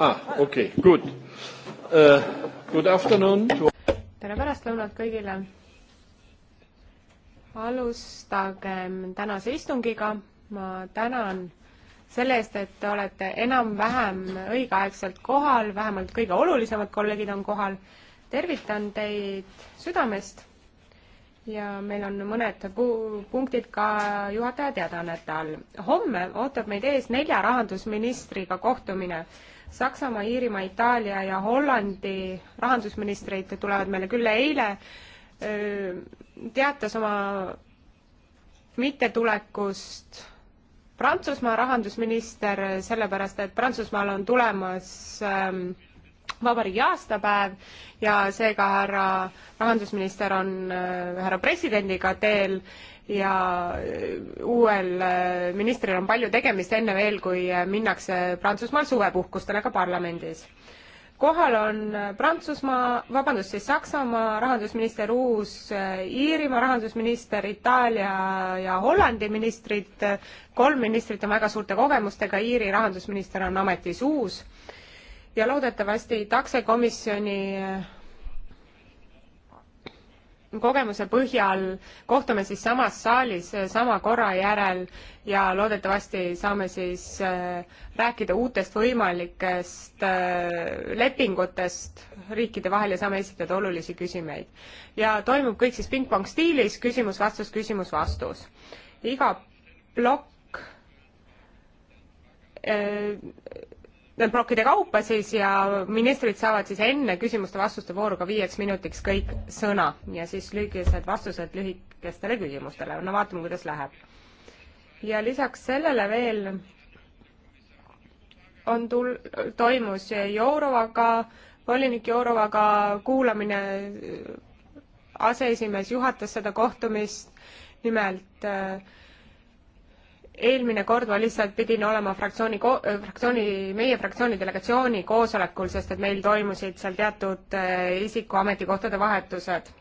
ah, okei okay,, good uh,. Good afternoon to.... tere pärastlõunat kõigile. alustagem tänase istungiga. ma tänan selle eest, et te olete enam-vähem õigeaegselt kohal, vähemalt kõige olulisemad kolleegid on kohal. tervitan teid südamest ja meil on mõned punktid ka juhataja teadaannete all. homme ootab meid ees nelja rahandusministriga kohtumine. Saksamaa, Iirimaa, Itaalia ja Hollandi rahandusministrid tulevad meile külla eile, teatas oma mittetulekust Prantsusmaa rahandusminister, sellepärast et Prantsusmaal on tulemas ähm, vabariigi aastapäev ja seega härra rahandusminister on äh, härra presidendiga teel ja äh, uuel äh, ministril on palju tegemist enne veel, kui minnakse Prantsusmaal suvepuhkustele ka parlamendis. kohal on Prantsusmaa, vabandust, siis Saksamaa rahandusminister, Uus-Iirimaa rahandusminister, Itaalia ja Hollandi ministrid, kolm ministrit on väga suurte kogemustega, Iiri rahandusminister on ametis uus ja loodetavasti taksekomisjoni äh, kogemuse põhjal kohtume siis samas saalis äh, sama korra järel ja loodetavasti saame siis äh, rääkida uutest võimalikest lepingutest riikide vahel ja saame esitada olulisi küsimeid. ja toimub kõik siis pingpong stiilis, küsimus-vastus, küsimus-vastus. iga plokk plokkide kaupa siis ja ministrid saavad siis enne küsimuste-vastuste vooruga viieks minutiks kõik sõna ja siis lühikesed vastused lühikestele küsimustele. no vaatame, kuidas läheb. ja lisaks sellele veel on tul-, toimus Jourovaga, volinik Jourovaga kuulamine, aseesimees juhatas seda kohtumist, nimelt äh, eelmine kord ma lihtsalt pidin olema fraktsiooni, äh, fraktsiooni, meie fraktsiooni delegatsiooni koosolekul, sest et meil toimusid seal teatud äh, isiku ametikohtade vahetused.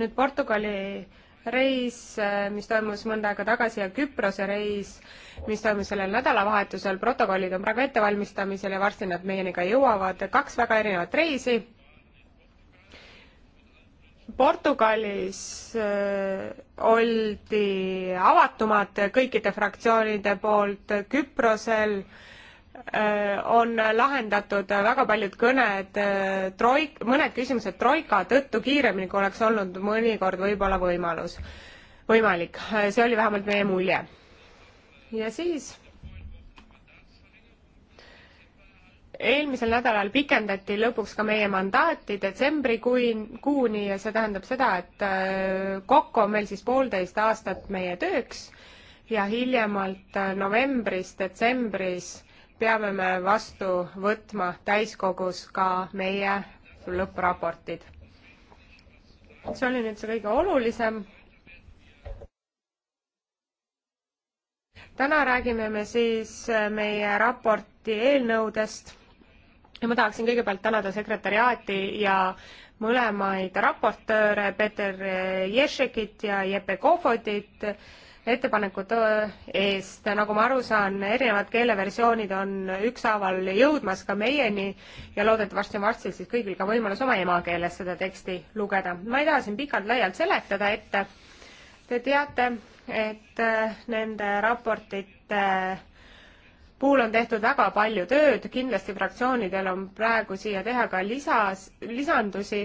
nüüd Portugali reis, äh, mis toimus mõnda aega tagasi ja Küprose reis, mis toimus sellel nädalavahetusel, protokollid on praegu ettevalmistamisel ja varsti nad meieni ka jõuavad, kaks väga erinevat reisi Portugalis äh, oldi avatumad kõikide fraktsioonide poolt, Küprosel äh, on lahendatud väga paljud kõned äh, troik-, mõned küsimused troika tõttu kiiremini, kui oleks olnud mõnikord võib-olla võimalus, võimalik. see oli vähemalt meie mulje. ja siis eelmisel nädalal pikendati lõpuks ka meie mandaati detsembrikuuni ja see tähendab seda, et äh, kokku on meil siis poolteist aastat meie tööks ja hiljemalt äh, novembris-detsembris peame me vastu võtma täiskogus ka meie lõppraportid. see oli nüüd see kõige olulisem täna räägime me siis äh, meie raporti eelnõudest ja ma tahaksin kõigepealt tänada sekretäriaati ja mõlemaid raportööre, Peeter Ješekit ja Jeppe Kohvodit ettepanekute eest. nagu ma aru saan, erinevad keeleversioonid on ükshaaval jõudmas ka meieni ja loodetavasti on varsti siis kõigil ka võimalus oma emakeeles seda teksti lugeda. ma ei taha siin pikalt-laialt seletada ette. Te teate, et nende raportite puhul on tehtud väga palju tööd, kindlasti fraktsioonidel on praegu siia teha ka lisas, lisandusi.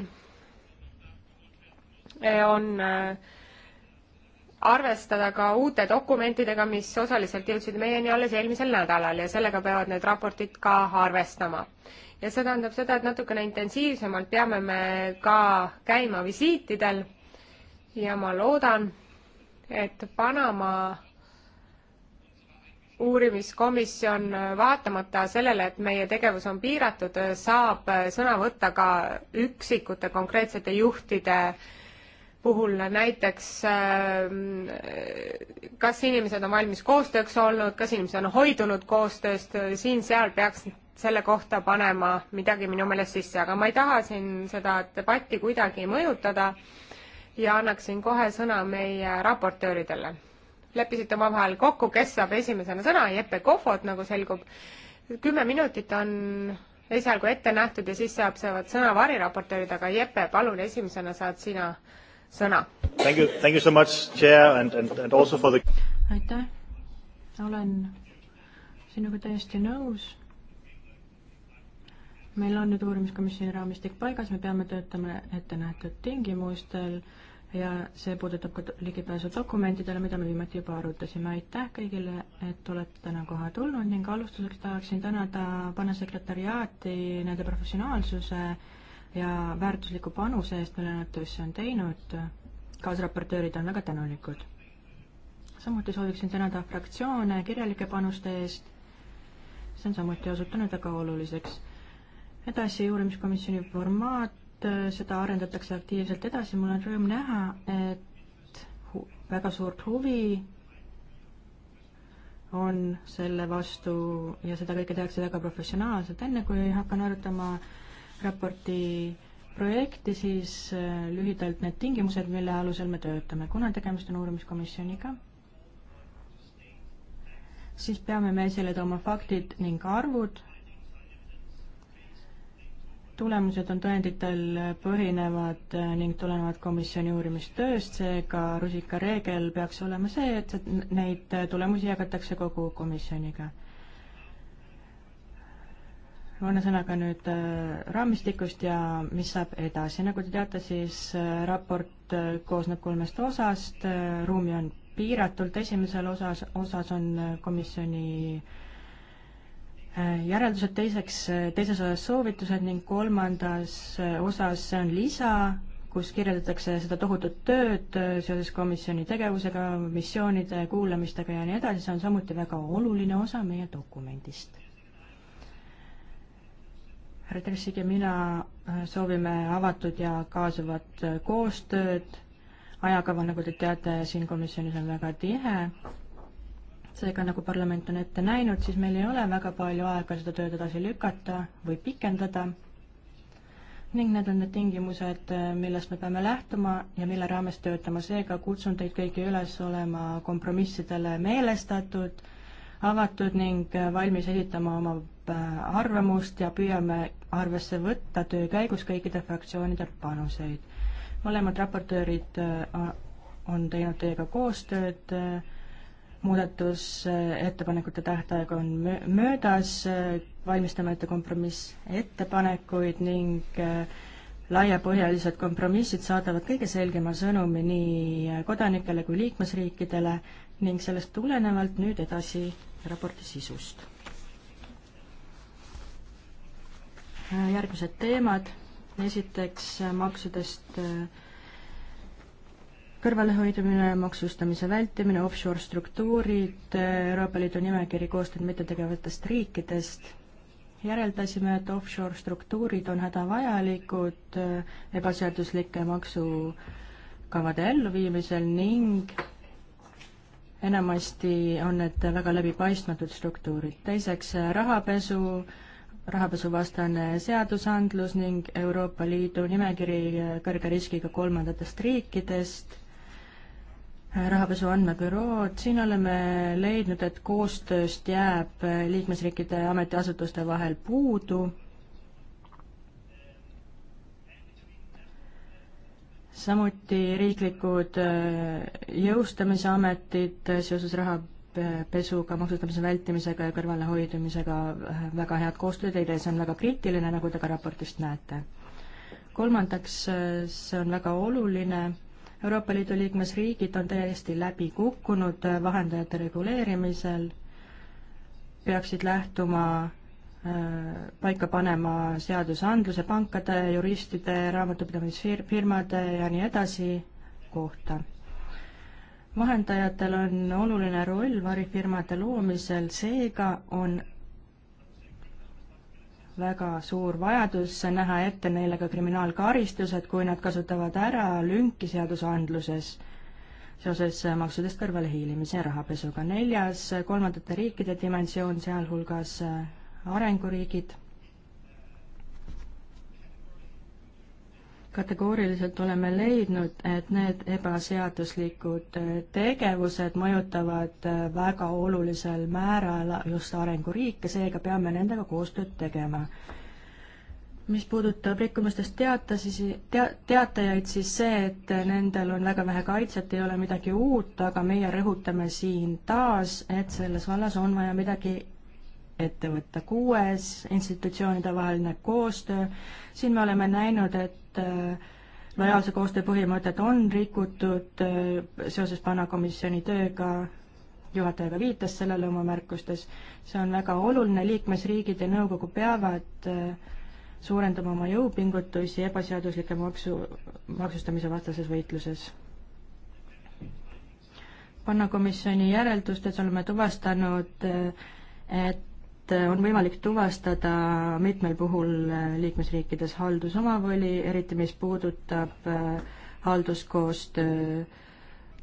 on äh, arvestada ka uute dokumentidega, mis osaliselt jõudsid meieni alles eelmisel nädalal ja sellega peavad need raportid ka arvestama ja see tähendab seda, et natukene intensiivsemalt peame me ka käima visiitidel ja ma loodan, et Panama uurimiskomisjon vaatamata sellele, et meie tegevus on piiratud, saab sõna võtta ka üksikute konkreetsete juhtide puhul näiteks ähm, kas inimesed on valmis koostööks olnud, kas inimesed on hoidunud koostööst, siin-seal peaks selle kohta panema midagi minu meelest sisse, aga ma ei taha siin seda debatti kuidagi mõjutada ja annaksin kohe sõna meie raportööridele leppisite omavahel kokku, kes saab esimesena sõna, Jeppe Kohvot, nagu selgub. kümme minutit on esialgu ette nähtud ja siis saab, saavad sõna variraportöörid, aga Jeppe, palun, esimesena saad sina sõna. Thank you, thank you so much, chair and, and, and also for the aitäh, olen sinuga täiesti nõus meil on nüüd uurimiskomisjoni raamistik paigas, me peame töötama ettenähtud tingimustel ja see puudutab ka ligipääsu dokumentidele, mida me viimati juba arutasime. aitäh kõigile, et olete täna kohale tulnud ning alustuseks tahaksin tänada panesekretäriaati nende professionaalsuse ja väärtusliku panuse eest, mille nad töösse on teinud. kaasraportöörid on väga tänulikud. samuti sooviksin tänada fraktsioone kirjalike panuste eest. see on samuti osutunud väga oluliseks. edasi uurimiskomisjoni formaat Äh, seda arendatakse aktiivselt edasi, mul on rõõm näha, et väga suurt huvi on selle vastu ja seda kõike tehakse väga professionaalselt. enne kui hakkan arutama raporti projekti, siis äh, lühidalt need tingimused, mille alusel me töötame. kuna tegemist on uurimiskomisjoniga, siis peame me esile tooma faktid ning arvud tulemused on tõenditel põhinevad äh, ning tulenevad komisjoni uurimistööst, seega rusikareegel peaks olema see, et neid äh, tulemusi jagatakse kogu komisjoniga. mõne sõnaga nüüd äh, raamistikust ja mis saab edasi, nagu te teate, siis raport koosneb kolmest osast, ruumi on piiratult, esimesel osas, osas on komisjoni äh, järeldused, teiseks, teises osas soovitused ning kolmandas eh, osas see on lisa, kus kirjeldatakse seda tohutut tööd eh, seoses komisjoni tegevusega, missioonide, kuulamistega ja nii edasi, see on samuti väga oluline osa meie dokumendist. härra Tersik ja mina eh, soovime avatud ja kaasavat koostööd, ajakava, nagu te teate, siin komisjonis on väga tihe seega, nagu parlament on ette näinud, siis meil ei ole väga palju aega seda tööd edasi lükata või pikendada ning need on need tingimused, millest me peame lähtuma ja mille raames töötama, seega kutsun teid kõiki üles olema kompromissidele meelestatud, avatud ning valmis esitama oma äh, arvamust ja püüame arvesse võtta töö käigus kõikide fraktsioonide panuseid. mõlemad raportöörid äh, on teinud teiega koostööd äh, muudatusettepanekute tähtaeg on möödas, valmistame ette kompromissettepanekuid ning äh, laiapõhjalised kompromissid saadavad kõige selgema sõnumi nii kodanikele kui liikmesriikidele ning sellest tulenevalt nüüd edasi raporti sisust. Äh, järgmised teemad, esiteks maksudest äh, kõrvalehoidmine, maksustamise vältimine, offshore struktuurid, Euroopa Liidu nimekiri koostanud mittetegevatest riikidest, järeldasime, et offshore struktuurid on hädavajalikud eh, ebaseaduslike maksukavade elluviimisel ning enamasti on need väga läbipaistmatud struktuurid. teiseks, rahapesu, rahapesuvastane seadusandlus ning Euroopa Liidu nimekiri eh, kõrge riskiga kolmandatest riikidest rahapesu andmebürood, siin oleme leidnud, et koostööst jääb liikmesriikide ametiasutuste vahel puudu. samuti riiklikud äh, jõustamisametid seoses rahapesuga, maksustamise vältimisega ja kõrvalehoidumisega äh, väga head koostööd ei tee, see on väga kriitiline, nagu te ka raportist näete. kolmandaks, äh, see on väga oluline Euroopa Liidu liikmesriigid on täiesti läbi kukkunud äh, vahendajate reguleerimisel, peaksid lähtuma äh, paika panema seadusandluse pankade, juristide, raamatupidamisfirmade ja nii edasi kohta. vahendajatel on oluline roll varifirmade loomisel, seega on väga suur vajadus näha ette neile ka kriminaalkaristused, kui nad kasutavad ära lünki seadusandluses seoses maksudest kõrvalehiilimise ja rahapesuga. neljas, kolmandate riikide dimensioon, sealhulgas äh, arenguriigid kategooriliselt oleme leidnud, et need ebaseaduslikud äh, tegevused mõjutavad äh, väga olulisel määral just arenguriike, seega peame nendega koostööd tegema. mis puudutab rikkumistest teatasi, tea-, teatajaid, siis see, et nendel on väga vähe kaitset, ei ole midagi uut, aga meie rõhutame siin taas, et selles vallas on vaja midagi ette võtta. kuues, institutsioonidevaheline koostöö, siin me oleme näinud, et äh, lojaalse koostöö põhimõtet on rikutud äh, seoses Pannakomisjoni tööga, juhataja ka viitas sellele oma märkustes, see on väga oluline, liikmesriigid ja nõukogu peavad äh, suurendama oma jõupingutusi ebaseaduslike maksu, maksustamise vastases võitluses panna komisjoni järeldustes oleme tuvastanud, et et äh, on võimalik tuvastada mitmel puhul äh, liikmesriikides haldusomavoli, eriti mis puudutab äh, halduskoostöö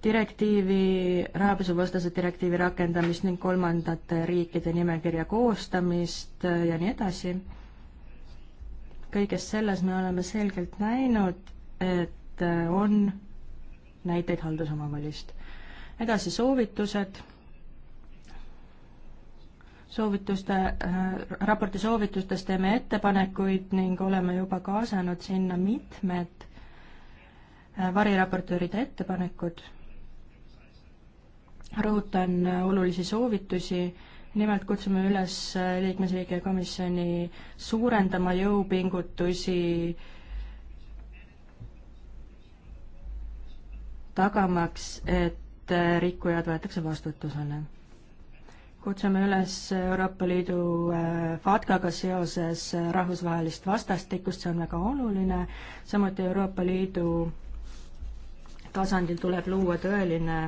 direktiivi, rahapesuvastase direktiivi rakendamist ning kolmandate riikide nimekirja koostamist ja nii edasi. kõiges selles me oleme selgelt näinud, et on näiteid haldusomavalist. edasi soovitused soovituste äh,, raporti soovitustes teeme ettepanekuid ning oleme juba kaasanud sinna mitmed äh, variraportööride ettepanekud. rõhutan äh, olulisi soovitusi, nimelt kutsume üles äh, liikmesriigi ja komisjoni suurendama jõupingutusi tagamaks, et äh, rikkujad võetakse vastutusele kutsume üles Euroopa Liidu äh, FATCAga seoses äh, rahvusvahelist vastastikust, see on väga oluline, samuti Euroopa Liidu tasandil tuleb luua tõeline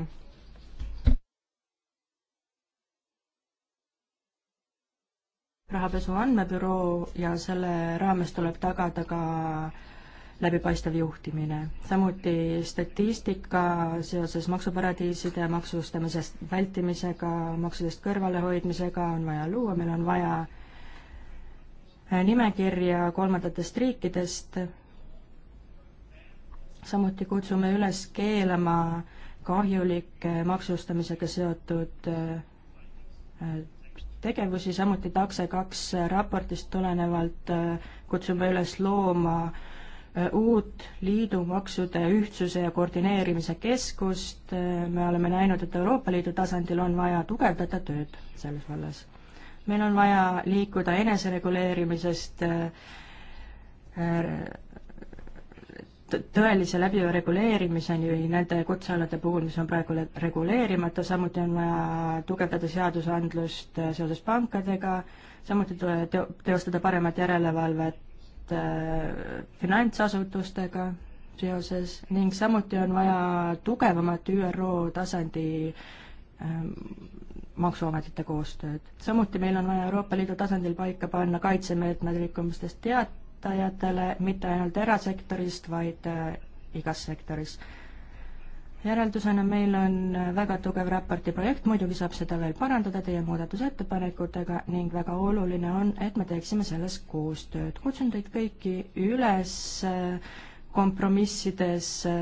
rahapesu andmebüroo ja selle raames tuleb tagada ka läbipaistev juhtimine. samuti statistika seoses maksuparadiiside maksustamisest vältimisega, maksudest kõrvalehoidmisega on vaja luua, meil on vaja äh, nimekirja kolmandatest riikidest, samuti kutsume üles keelama kahjulike maksustamisega seotud äh, tegevusi, samuti takse kaks raportist tulenevalt äh, kutsume üles looma uut liidu maksude ühtsuse ja koordineerimise keskust, me oleme näinud, et Euroopa Liidu tasandil on vaja tugevdada tööd selles vallas. meil on vaja liikuda enesereguleerimisest äh, tõelise läbireguleerimiseni nende kutsealade puhul, mis on praegu reguleerimata, samuti on vaja tugevdada seadusandlust äh, seoses pankadega, samuti teostada paremat järelevalvet kokkulepet äh, finantsasutustega seoses ning samuti on vaja tugevamat ÜRO tasandi ähm, maksuametite koostööd. samuti meil on vaja Euroopa Liidu tasandil paika panna kaitsemeetmed rikkumistest teatajatele, mitte ainult erasektorist, vaid äh, igas sektoris järeldusena meil on väga tugev raporti projekt, muidugi saab seda veel parandada teie muudatusettepanekutega ning väga oluline on, et me teeksime selles koostööd. kutsun teid kõiki üles äh, kompromissides äh,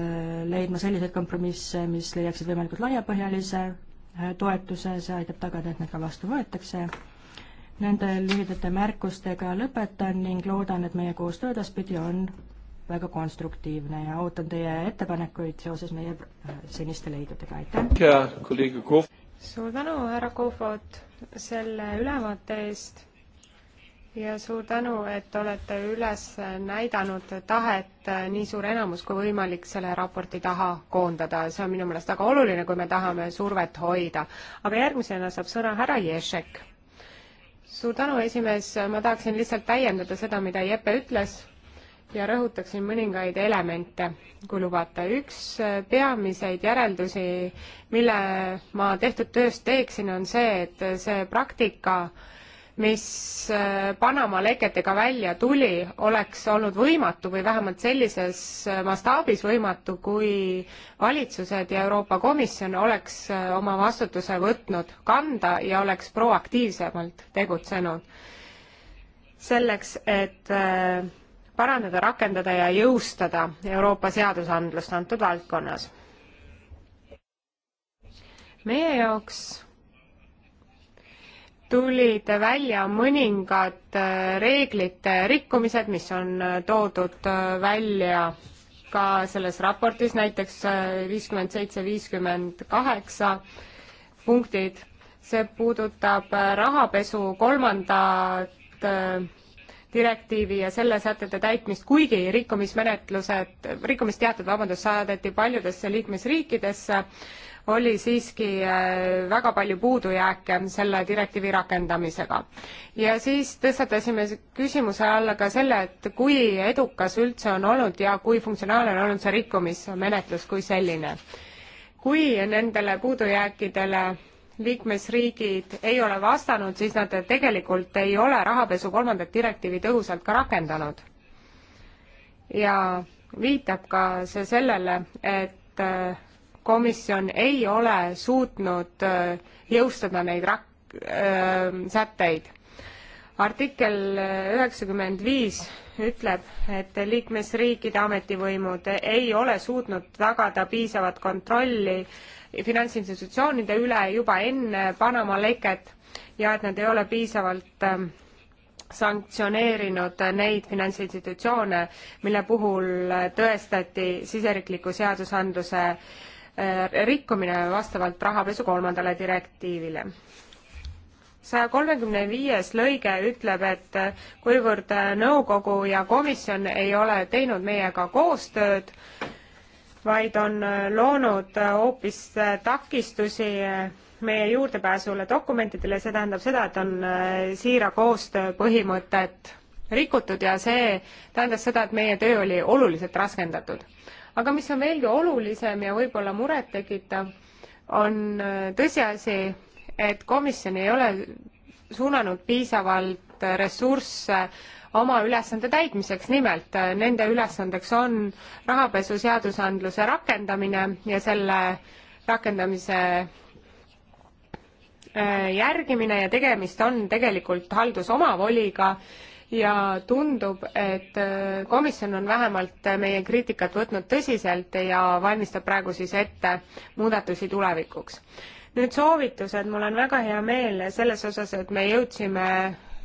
leidma selliseid kompromisse, mis leiaksid võimalikult laiapõhjalise äh, toetuse, see aitab tagada, et need ka vastu võetakse. Nende lühidate märkustega lõpetan ning loodan, et meie koostöö edaspidi on väga konstruktiivne ja ootan teie ettepanekuid seoses meie äh, seniste leidudega, aitäh! suur tänu, härra Kohvot, selle ülevaate eest ja suur tänu, et olete üles näidanud tahet nii suur enamus kui võimalik selle raporti taha koondada, see on minu meelest väga oluline, kui me tahame survet hoida. aga järgmisena saab sõna härra Ježek. suur tänu, esimees, ma tahaksin lihtsalt täiendada seda, mida Jeppe ütles ja rõhutaksin mõningaid elemente, kui lubate. üks äh, peamiseid järeldusi, mille ma tehtud tööst teeksin, on see, et äh, see praktika, mis äh, Panama leketega välja tuli, oleks olnud võimatu või vähemalt sellises mastaabis võimatu, kui valitsused ja Euroopa Komisjon oleks oma vastutuse võtnud kanda ja oleks proaktiivsemalt tegutsenud selleks, et parandada, rakendada ja jõustada Euroopa seadusandlust antud valdkonnas. meie jaoks tulid välja mõningad äh, reeglite rikkumised, mis on äh, toodud äh, välja ka selles raportis, näiteks viiskümmend seitse, viiskümmend kaheksa punktid. see puudutab rahapesu kolmandat direktiivi ja selle sätete täitmist, kuigi rikkumismenetlused, rikkumisteated, vabandust, saadeti paljudesse liikmesriikidesse, oli siiski äh, väga palju puudujääke selle direktiivi rakendamisega. ja siis tõstatasime küsimuse alla ka selle, et kui edukas üldse on olnud ja kui funktsionaalne on olnud see rikkumismenetlus kui selline. kui nendele puudujääkidele liikmesriigid ei ole vastanud, siis nad tegelikult ei ole rahapesu kolmandat direktiivi tõhusalt ka rakendanud. ja viitab ka see sellele, et äh, komisjon ei ole suutnud äh, jõustada neid rak-, äh, sätteid. artikkel üheksakümmend viis ütleb, et liikmesriikide ametivõimud ei ole suutnud tagada piisavat kontrolli äh, finantsinstitutsioonide üle juba enne Panama leket ja et nad ei ole piisavalt ähm, sanktsioneerinud neid finantsinstitutsioone, mille puhul äh, tõestati siseriikliku seadusandluse äh, rikkumine vastavalt rahapesu kolmandale direktiivile. saja kolmekümne viies lõige ütleb, et äh, kuivõrd nõukogu ja komisjon ei ole teinud meiega koostööd, vaid on äh, loonud äh, hoopis äh, takistusi meie juurdepääsule dokumentidele, see tähendab seda, et on siira koostöö põhimõtet rikutud ja see tähendas seda, et meie töö oli oluliselt raskendatud. aga mis on veelgi olulisem ja võib-olla murettekitav, on tõsiasi, et komisjon ei ole suunanud piisavalt ressursse oma ülesande täitmiseks, nimelt äh, nende ülesandeks on rahapesu seadusandluse rakendamine ja selle rakendamise äh, järgimine ja tegemist on tegelikult haldusomavoliga ja tundub, et äh, komisjon on vähemalt meie kriitikat võtnud tõsiselt ja valmistab praegu siis ette muudatusi tulevikuks. nüüd soovitused, mul on väga hea meel selles osas, et me jõudsime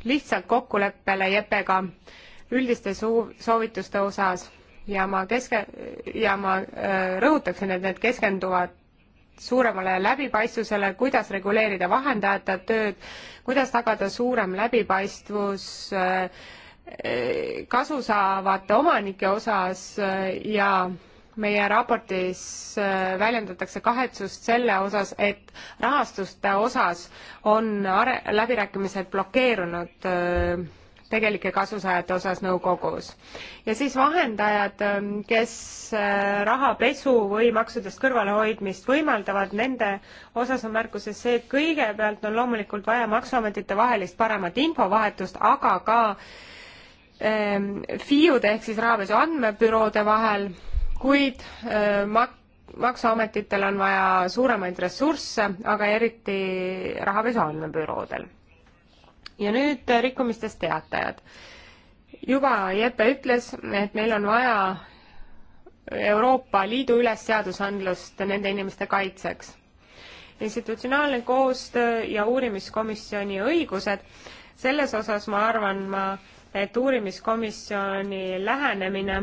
lihtsalt kokkuleppele Jepega üldiste suu-, soovituste osas ja ma keske-, ja ma äh, rõhutaksin, et need keskenduvad suuremale läbipaistvusele, kuidas reguleerida vahendajate tööd, kuidas tagada suurem läbipaistvus äh, äh, kasu saavate omanike osas ja meie raportis äh, väljendatakse kahetsust selle osas, et rahastuste osas on are-, läbirääkimised blokeerunud äh, tegelike kasusaajate osas nõukogus. ja siis vahendajad, ähm, kes äh, rahapesu või maksudest kõrvalehoidmist võimaldavad, nende osas on märkuses see, et kõigepealt on loomulikult vaja Maksuametite vahelist paremat infovahetust, aga ka ähm, FIUde ehk siis rahapesu andmebüroode vahel kuid äh, mak-, maksuametitel on vaja suuremaid ressursse, aga eriti rahapesu andmebüroodel. ja nüüd äh, rikkumistest teatajad. juba Jeppe ütles, et meil on vaja Euroopa Liidu üles seadusandlust nende inimeste kaitseks. institutsionaalne koostöö ja uurimiskomisjoni õigused, selles osas ma arvan ma, et uurimiskomisjoni lähenemine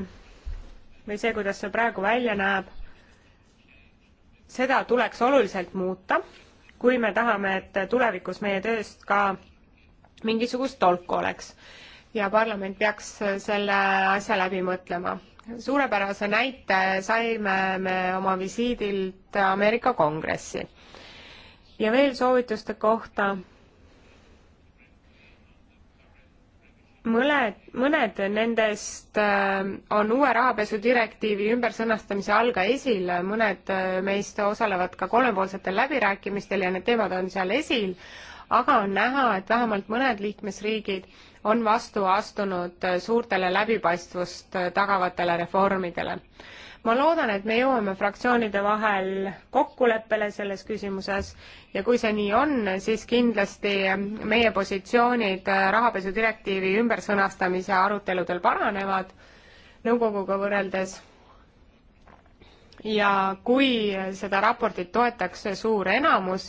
või see, kuidas see praegu välja näeb, seda tuleks oluliselt muuta, kui me tahame, et tulevikus meie tööst ka mingisugust tolku oleks. ja parlament peaks selle asja läbi mõtlema. suurepärase näite saime me oma visiidilt Ameerika Kongressi. ja veel soovituste kohta mõned, mõned nendest äh, on uue rahapesudirektiivi ümbersõnastamise all ka esil, mõned äh, meist osalevad ka kolmepoolsetel läbirääkimistel ja need teemad on seal esil, aga on näha, et vähemalt mõned liikmesriigid on vastu astunud äh, suurtele läbipaistvust tagavatele reformidele ma loodan, et me jõuame fraktsioonide vahel kokkuleppele selles küsimuses ja kui see nii on, siis kindlasti meie positsioonid rahapesu direktiivi ümbersõnastamise aruteludel paranevad nõukoguga võrreldes. ja kui seda raportit toetaks suur enamus,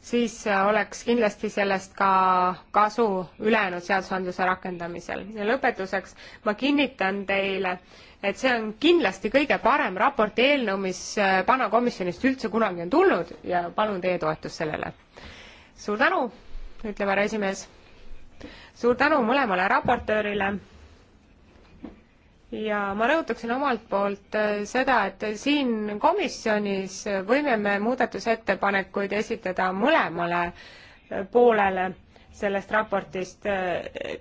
siis oleks kindlasti sellest ka kasu ülejäänud seadusandluse rakendamisel. ja lõpetuseks ma kinnitan teile, et see on kindlasti kõige parem raporti eelnõu, mis pana äh, komisjonist üldse kunagi on tulnud ja palun teie toetust sellele. suur tänu, ütleb härra esimees. suur tänu mõlemale raportöörile. ja ma rõhutaksin omalt poolt äh, seda, et siin komisjonis võime me muudatusettepanekuid esitada mõlemale äh, poolele sellest raportist.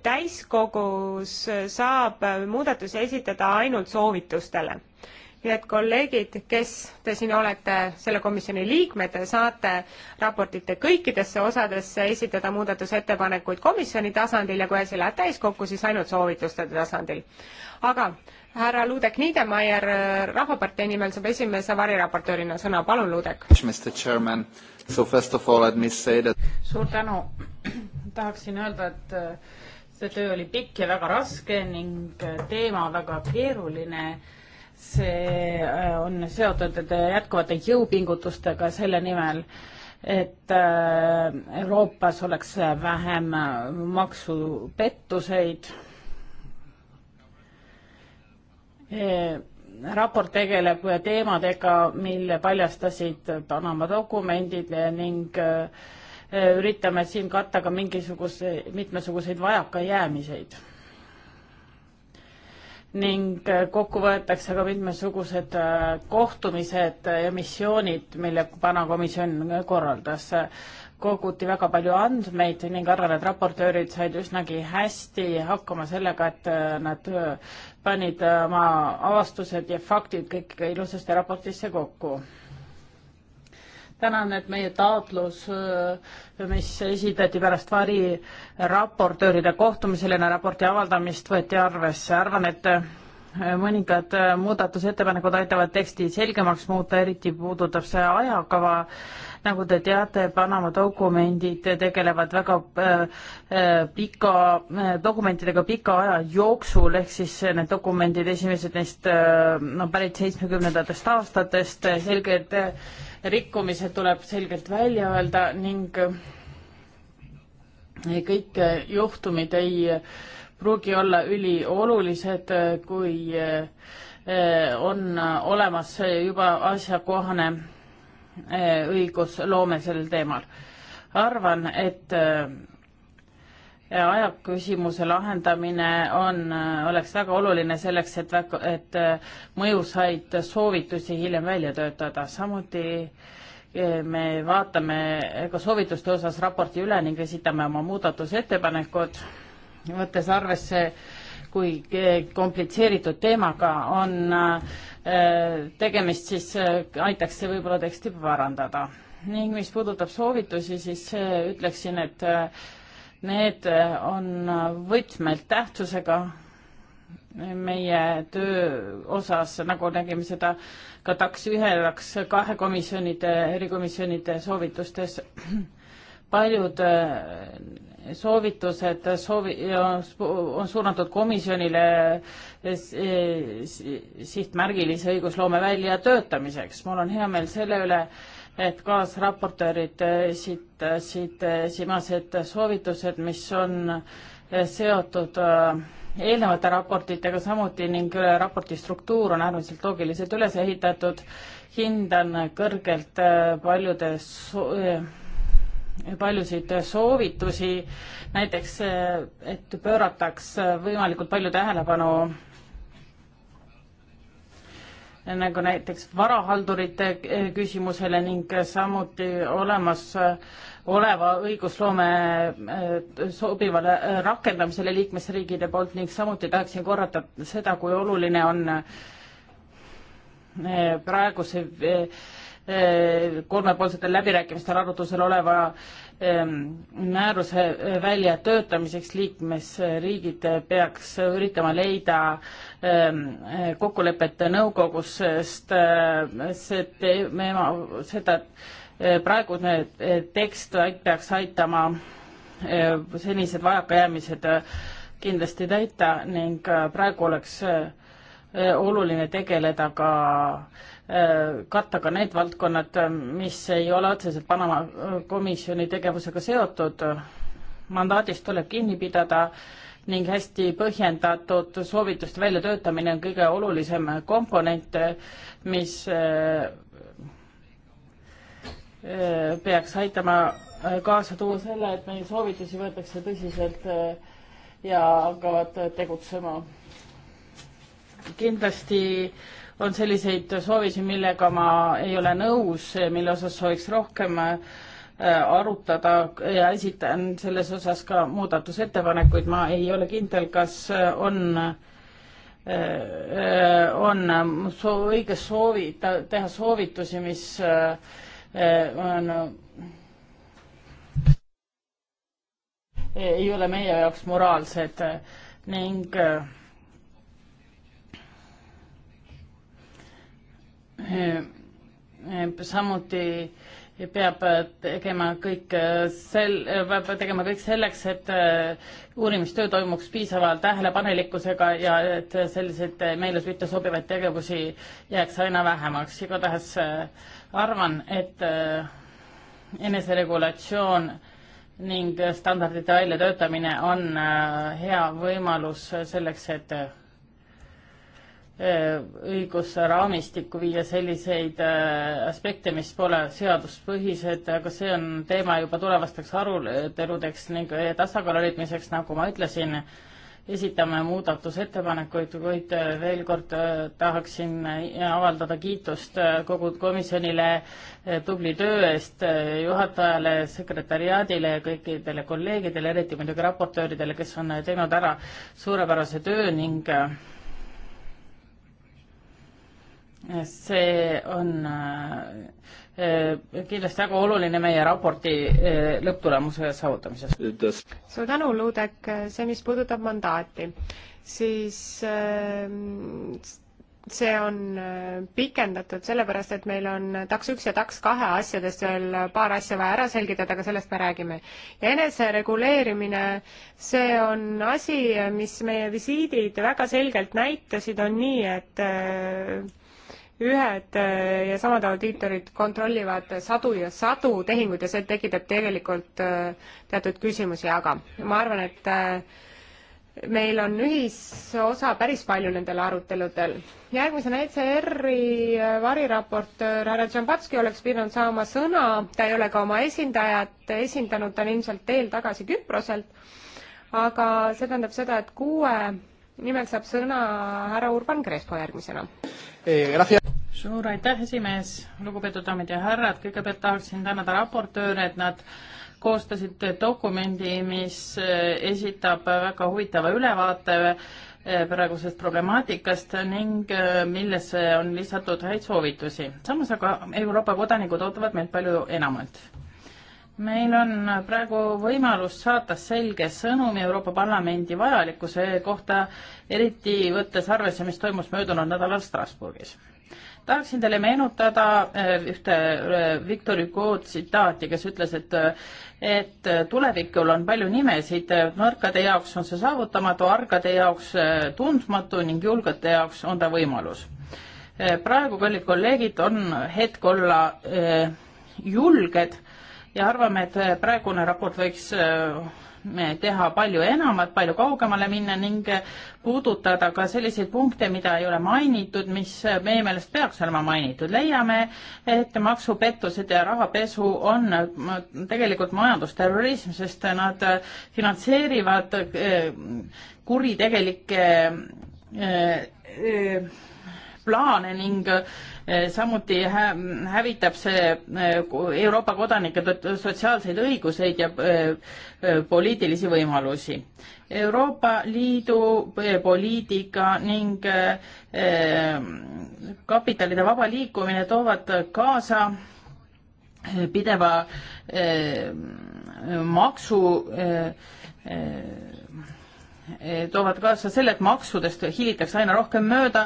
täiskogus saab muudatusi esitada ainult soovitustele. nii et kolleegid, kes te siin olete selle komisjoni liikmed, saate raportite kõikidesse osadesse esitada muudatusettepanekuid komisjoni tasandil ja kui asi läheb täiskokku, siis ainult soovituste tasandil. aga härra Luudek Niedemeier Rahvapartei nimel saab esimese variraportöörina sõna, palun Luudek. suur tänu tahaksin öelda, et äh, see töö oli pikk ja väga raske ning äh, teema väga keeruline. see äh, on seotud jätkuvate jõupingutustega selle nimel, et Euroopas oleks vähem maksupettuseid raport tegeleb teemadega, mille paljastasid Panama dokumendid ning äh, Äh, üritame siin katta ka mingisuguse, mitmesuguseid vajakajäämiseid. ning äh, kokku võetakse ka mitmesugused äh, kohtumised ja missioonid, mille vanakomisjon korraldas. koguti väga palju andmeid ning arvan, et raportöörid said üsnagi hästi hakkama sellega, et nad panid oma avastused ja faktid kõik ilusasti raportisse kokku tänan, et meie taotlus, äh, mis esitati pärast vari raportööride kohtumisel enne raporti avaldamist, võeti arvesse. arvan, et äh, mõningad äh, muudatusettepanekud aitavad teksti selgemaks muuta, eriti puudutab see ajakava nagu te teate, Panama dokumendid tegelevad väga äh, äh, pika, äh, dokumentidega pika aja jooksul, ehk siis need dokumendid, esimesed neist on pärit seitsmekümnendatest aastatest, selged rikkumised tuleb selgelt välja öelda ning kõik juhtumid ei pruugi olla üliolulised, kui on olemas juba asjakohane Eh, õigusloome sel teemal. arvan, et eh, ajaküsimuse lahendamine on, eh, oleks väga oluline selleks, et, et mõjusaid soovitusi hiljem välja töötada, samuti me vaatame ka soovituste osas raporti üle ning esitame oma muudatusettepanekud, võttes arvesse äh, kui eh, komplitseeritud teemaga on eh, tegemist, siis eh, aitaks see võib-olla teksti parandada. ning mis puudutab soovitusi, siis ütleksin, et need on võtmelt tähtsusega meie töö osas, nagu nägime seda ka taks ühelaks kahe komisjonide, erikomisjonide soovitustes, paljud soovitused soovi-, on suunatud komisjonile sihtmärgilise õigusloome väljatöötamiseks. mul on hea meel selle üle, et kaasraportöörid siit, siit viimased soovitused, mis on seotud eelnevate raportitega samuti ning raporti struktuur on äärmiselt loogiliselt üles ehitatud, hindan kõrgelt paljude so paljusid soovitusi, näiteks et pöörataks võimalikult palju tähelepanu nagu näiteks varahaldurite küsimusele ning samuti olemasoleva õigusloome äh, sobivale rakendamisele liikmesriigide poolt ning samuti tahaksin korrata seda, kui oluline on äh, praeguse Äh, kolmepoolsetel läbirääkimistel arutusel oleva ähm, määruse äh, väljatöötamiseks liikmesriigid peaks üritama leida ähm, äh, kokkulepet nõukogus, sest see teema, seda praegune tekst peaks aitama senised vajakajäämised kindlasti täita ning praegu oleks oluline tegeleda ka äh, Äh, katta ka need valdkonnad, mis ei ole otseselt Panama äh, komisjoni tegevusega seotud. mandaadist tuleb kinni pidada ning hästi põhjendatud soovituste väljatöötamine on kõige olulisem komponent, mis äh, peaks aitama kaasa tuua selle, et meie soovitusi võetakse tõsiselt ja hakkavad tegutsema. kindlasti äh, on selliseid soovisi, millega ma ei ole nõus, mille osas sooviks rohkem äh, arutada ja esitan selles osas ka muudatusettepanekuid, ma ei ole kindel, kas on äh, on soo-, õige soovita, teha soovitusi, mis äh, on ei ole meie jaoks moraalsed ning äh, Ehm, samuti peab tegema kõik äh, sel-, äh, peab tegema kõik selleks, et äh, uurimistöö toimuks piisava tähelepanelikkusega ja et selliseid meile mitte sobivaid tegevusi jääks aina vähemaks. igatahes arvan, et eneseregulatsioon ning standardite väljatöötamine on hea võimalus selleks, et Äh, õigusraamistikku viia selliseid äh, aspekte, mis pole seaduspõhised, aga see on teema juba tulevasteks aruteludeks ning äh, tasakaalu leidmiseks, nagu ma ütlesin, esitame muudatusettepanekuid, kuid veel kord tahaksin avaldada kiitust kogu komisjonile tubli töö eest, juhatajale, sekretäriaadile ja kõikidele kolleegidele, eriti muidugi raportööridele, kes on teinud ära suurepärase töö ning see on äh, äh, kindlasti väga oluline meie raporti äh, lõpptulemuse saavutamises. suur tänu, Luudek, see, mis puudutab mandaati, siis ähm, see on pikendatud sellepärast, et meil on taks üks ja taks kahe asjadest veel paar asja vaja ära selgitada, aga sellest me räägime. ja enesereguleerimine, see on asi, mis meie visiidid väga selgelt näitasid, on nii, et ühed äh, ja samad audiitorid kontrollivad sadu ja sadu tehinguid ja see tekitab tegelikult äh, teatud küsimusi, aga ma arvan, et äh, meil on ühisosa päris palju nendel aruteludel. järgmisena ECR-i variraportöör härra Džambatski oleks pidanud saama sõna, ta ei ole ka oma esindajat esindanud, ta on ilmselt teel tagasi Küproselt, aga see tähendab seda, et kuue nimelt saab sõna härra Urban Crespo järgmisena eh, suur aitäh, esimees, lugupeetud daamid ja härrad, kõigepealt tahaksin tänada raportööre, et nad koostasid dokumendi, mis eh, esitab väga huvitava ülevaate eh, praegusest problemaatikast ning eh, millesse on lisatud häid soovitusi. samas aga Euroopa kodanikud ootavad meilt palju enamalt. meil on praegu võimalus saata selge sõnum Euroopa Parlamendi vajalikkuse kohta, eriti võttes arvesse, mis toimus möödunud nädalal Strasbourgis tahaksin teile meenutada eh, ühte eh, Victor Hugo tsitaati, kes ütles, et eh, et tulevikul on palju nimesid, nõrkade jaoks on see saavutamatu, argade jaoks tundmatu ning julgete jaoks on ta võimalus. praegu, kallid kolleegid, on hetk olla julged ja arvame, et praegune raport võiks teha palju enamat, palju kaugemale minna ning puudutada ka selliseid punkte, mida ei ole mainitud, mis meie meelest peaks olema mainitud. leiame, et maksupettused ja rahapesu on tegelikult majandusterrorism, sest nad finantseerivad eh, kuritegelikke eh, eh, plaane ning Eh, samuti hä-, hävitab see eh, Euroopa kodanike sotsiaalseid õiguseid ja eh, poliitilisi võimalusi. Euroopa Liidu poliitika ning kapitalide vaba liikumine toovad kaasa pideva maksu Eh, toovad kaasa selle, et maksudest hilitakse aina rohkem mööda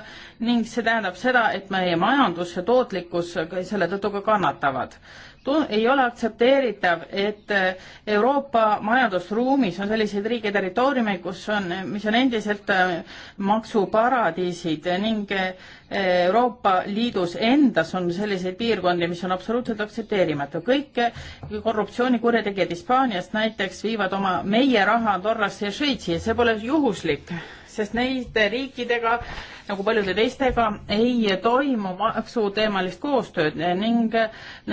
ning see tähendab seda, et meie majandus ja tootlikkus selle tõttu ka kannatavad ei ole aktsepteeritav, et eh, Euroopa majandusruumis on selliseid riigi territooriume, kus on, mis on endiselt eh, maksuparadiisid ning eh, Euroopa Liidus endas on selliseid piirkondi, mis on absoluutselt aktsepteerimatu. kõik korruptsioonikurjategijad Hispaaniast näiteks viivad oma, meie raha Norrasse ja Šveitsi ja see pole juhuslik sest neide riikidega nagu paljude teistega ei toimu maksuteemalist koostööd ning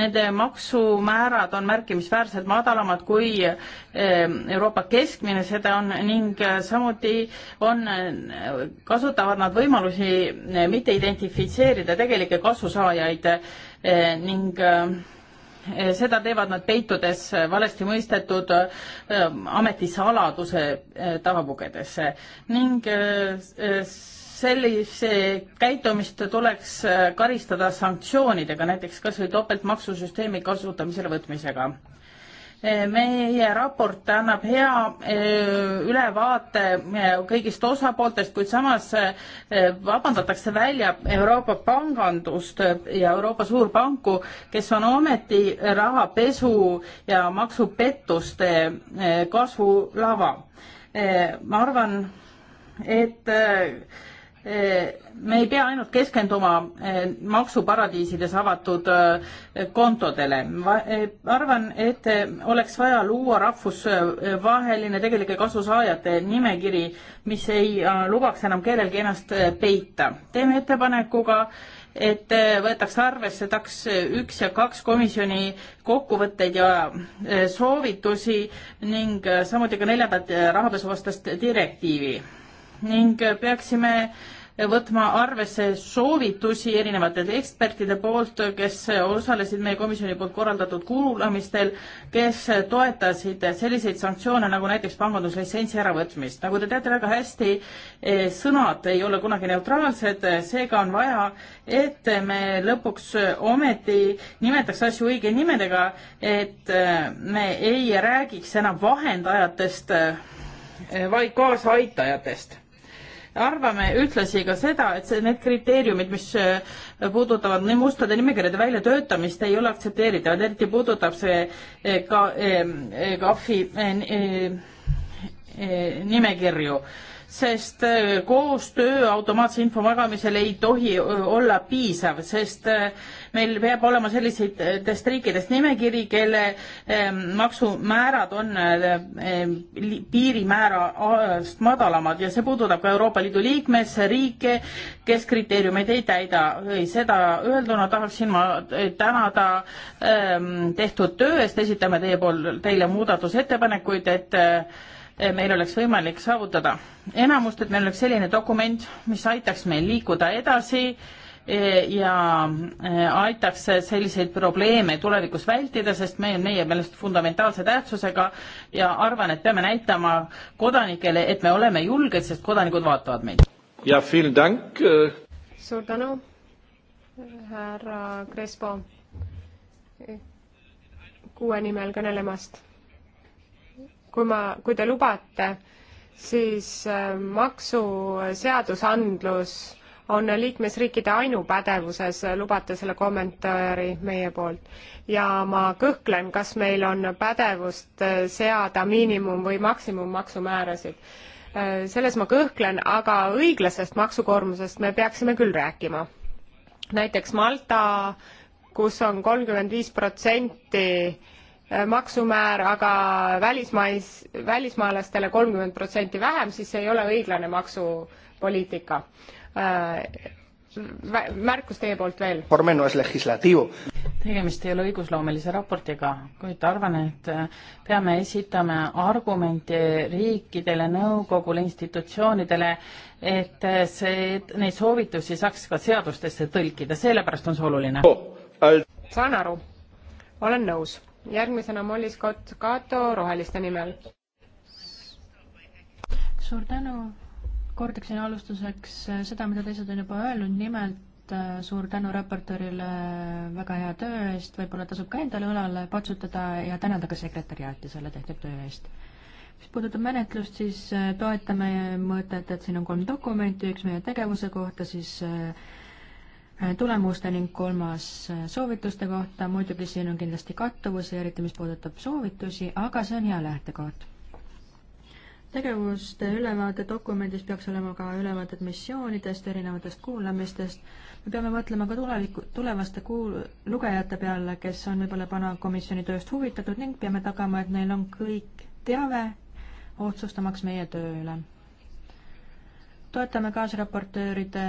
nende maksumäärad on märkimisväärselt madalamad kui ehm, Euroopa keskmine seda on ning samuti on, kasutavad nad võimalusi mitte identifitseerida tegelikke kasusaajaid eh, ning Eh, seda teevad nad peitudes eh, valesti mõistetud eh, ametisaladuse tavapugedesse ning sellise käitumist tuleks karistada sanktsioonidega, näiteks kas või topeltmaksusüsteemi kasutamisele võtmisega meie raport annab hea e, ülevaate e, kõigist osapooltest, kuid samas e, vabandatakse välja Euroopa pangandust ja Euroopa suurpanku, kes on ometi rahapesu ja maksupettuste kasvulava. ma arvan, et Eh, me ei pea ainult keskenduma eh, maksuparadiisides avatud eh, kontodele. ma arvan, et oleks vaja luua rahvusvaheline tegelike kasusaajate nimekiri, mis ei lubaks enam kellelgi ennast peita. teeme ettepanekuga et võetakse arvesse taks üks ja kaks komisjoni kokkuvõtteid ja soovitusi ning samuti ka neljandat rahapesuvastast direktiivi ning peaksime võtma arvesse soovitusi erinevate ekspertide poolt, kes osalesid meie komisjoni poolt korraldatud kuulamistel, kes toetasid selliseid sanktsioone nagu näiteks panganduslitsentsi äravõtmist. nagu te teate väga hästi, eh, sõnad ei ole kunagi neutraalsed, seega on vaja, et me lõpuks ometi nimetaks asju õige nimedega, et eh, me ei räägiks enam vahendajatest, eh, vaid kaasaaitajatest arvame ühtlasi ka seda, et see, need kriteeriumid, mis äh, puudutavad nii mustade nimekirjade väljatöötamist, ei ole aktsepteeritavad, eriti puudutab see äh, ka ähm, äh, KAF-i nimekirju, sest koostöö automaatse info magamisel ei tohi olla piisav, sest äh, meil peab olema sellistest riikidest nimekiri, kelle ehm, maksumäärad on ehm, piirimäärast madalamad ja see puudutab ka Euroopa Liidu liikmesriike, kes kriteeriumeid ei täida. seda öelduna tahaksin ma eh, tänada ehm, tehtud töö eest, esitame teie pool, teile muudatusettepanekuid, et eh, meil oleks võimalik saavutada enamust, et meil oleks selline dokument, mis aitaks meil liikuda edasi äh, ja eh, aitaks selliseid probleeme tulevikus vältida, sest me, meie meelest fundamentaalse tähtsusega ja arvan, et peame näitama kodanikele, et me oleme julged, sest kodanikud vaatavad meid. ja, dank. Äh. suur tänu, härra Crespo, kuue nimel kõnelemast. kui ma, kui te lubate, siis äh, maksuseadusandlus on liikmesriikide ainupädevuses lubata selle kommentaari meie poolt. ja ma kõhklen, kas meil on pädevust seada miinimum- või maksimummaksumäärasid. selles ma kõhklen, aga õiglasest maksukoormusest me peaksime küll rääkima. näiteks Malta, kus on kolmkümmend viis protsenti maksumäär aga välismais, välismaalastele kolmkümmend protsenti vähem, siis see ei ole õiglane maksupoliitika. Äh, märkus teie poolt veel? tegemist ei ole õigusloomelise raportiga, kuid arvan, et äh, peame esitama argumente riikidele, nõukogule, institutsioonidele, et äh, see, neid soovitusi saaks ka seadustesse tõlkida, sellepärast on see oluline oh,. saan aru, olen nõus. järgmisena Molly Scott Cato Roheliste nimel. suur tänu kordaksin alustuseks äh, seda, mida teised on juba öelnud, nimelt äh, suur tänu raportöörile äh, väga hea töö eest, võib-olla tasub ka endale õlale patsutada ja tänada ka sekretäriaati selle tehtud töö eest. mis puudutab menetlust, siis toetame mõtet, et siin on kolm dokumenti, üks meie tegevuse kohta, siis tulemuste ning kolmas soovituste kohta, muidugi siin on kindlasti kattuvusi, eriti mis puudutab soovitusi, aga see on hea lähtekoht tegevuste ülevaate dokumendis peaks olema ka ülevaated missioonidest, erinevatest kuulamistest. me peame mõtlema ka tuleviku, tulevaste kuul-, lugejate peale, kes on võib-olla pana komisjoni tööst huvitatud ning peame tagama, et neil on kõik teave otsustamaks meie töö üle. toetame kaasraportööride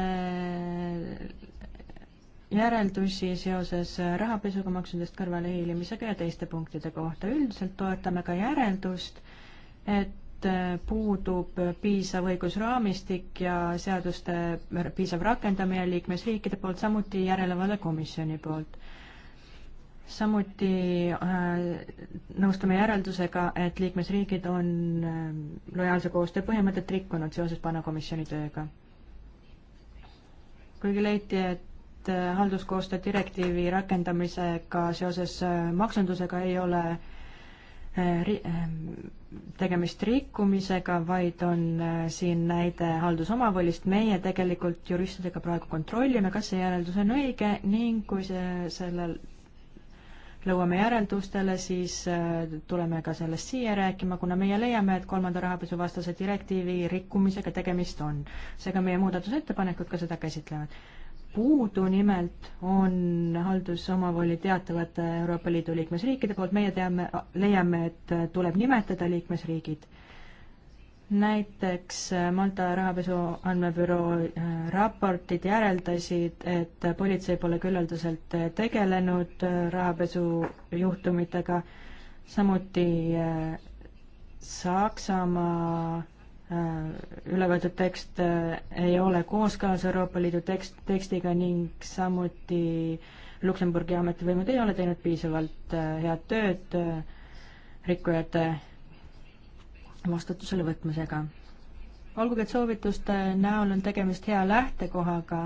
järeldusi seoses rahapesuga, maksudest kõrvalehiilimisega ja teiste punktide kohta. üldiselt toetame ka järeldust, et et äh, puudub piisav õigusraamistik ja seaduste piisav rakendamine liikmesriikide poolt, samuti järelevalvekomisjoni poolt samuti äh, nõustume järeldusega, et liikmesriigid on äh, lojaalse koostöö põhimõtet rikkunud seoses pannakomisjoni tööga. kuigi leiti, et äh, halduskoostöö direktiivi rakendamisega seoses äh, maksundusega ei ole äh, ri, tegemist rikkumisega, vaid on äh, siin näide haldusomavolist. meie tegelikult juristidega praegu kontrollime, kas see järeldus on õige ning kui see sellel lõuame järeldustele, siis äh, tuleme ka sellest siia rääkima, kuna meie leiame, et kolmanda rahapesuvastase direktiivi rikkumisega tegemist on. seega meie muudatusettepanekud ka seda käsitlevad puudu nimelt on haldusomavoli teatavate Euroopa Liidu liikmesriikide poolt, meie teame, leiame, et tuleb nimetada liikmesriigid. näiteks Malta rahapesu andmebüroo äh, raportid järeldasid, et politsei pole küllaldaselt tegelenud äh, rahapesujuhtumitega, samuti äh, Saksamaa Äh, üle võetud tekst äh, ei ole kooskõlas Euroopa Liidu tekst, tekstiga ning samuti Luksemburgi ametivõimud ei ole teinud piisavalt äh, head tööd rikkujate vastutusele võtmisega. olgugi, et soovituste näol on tegemist hea lähtekohaga,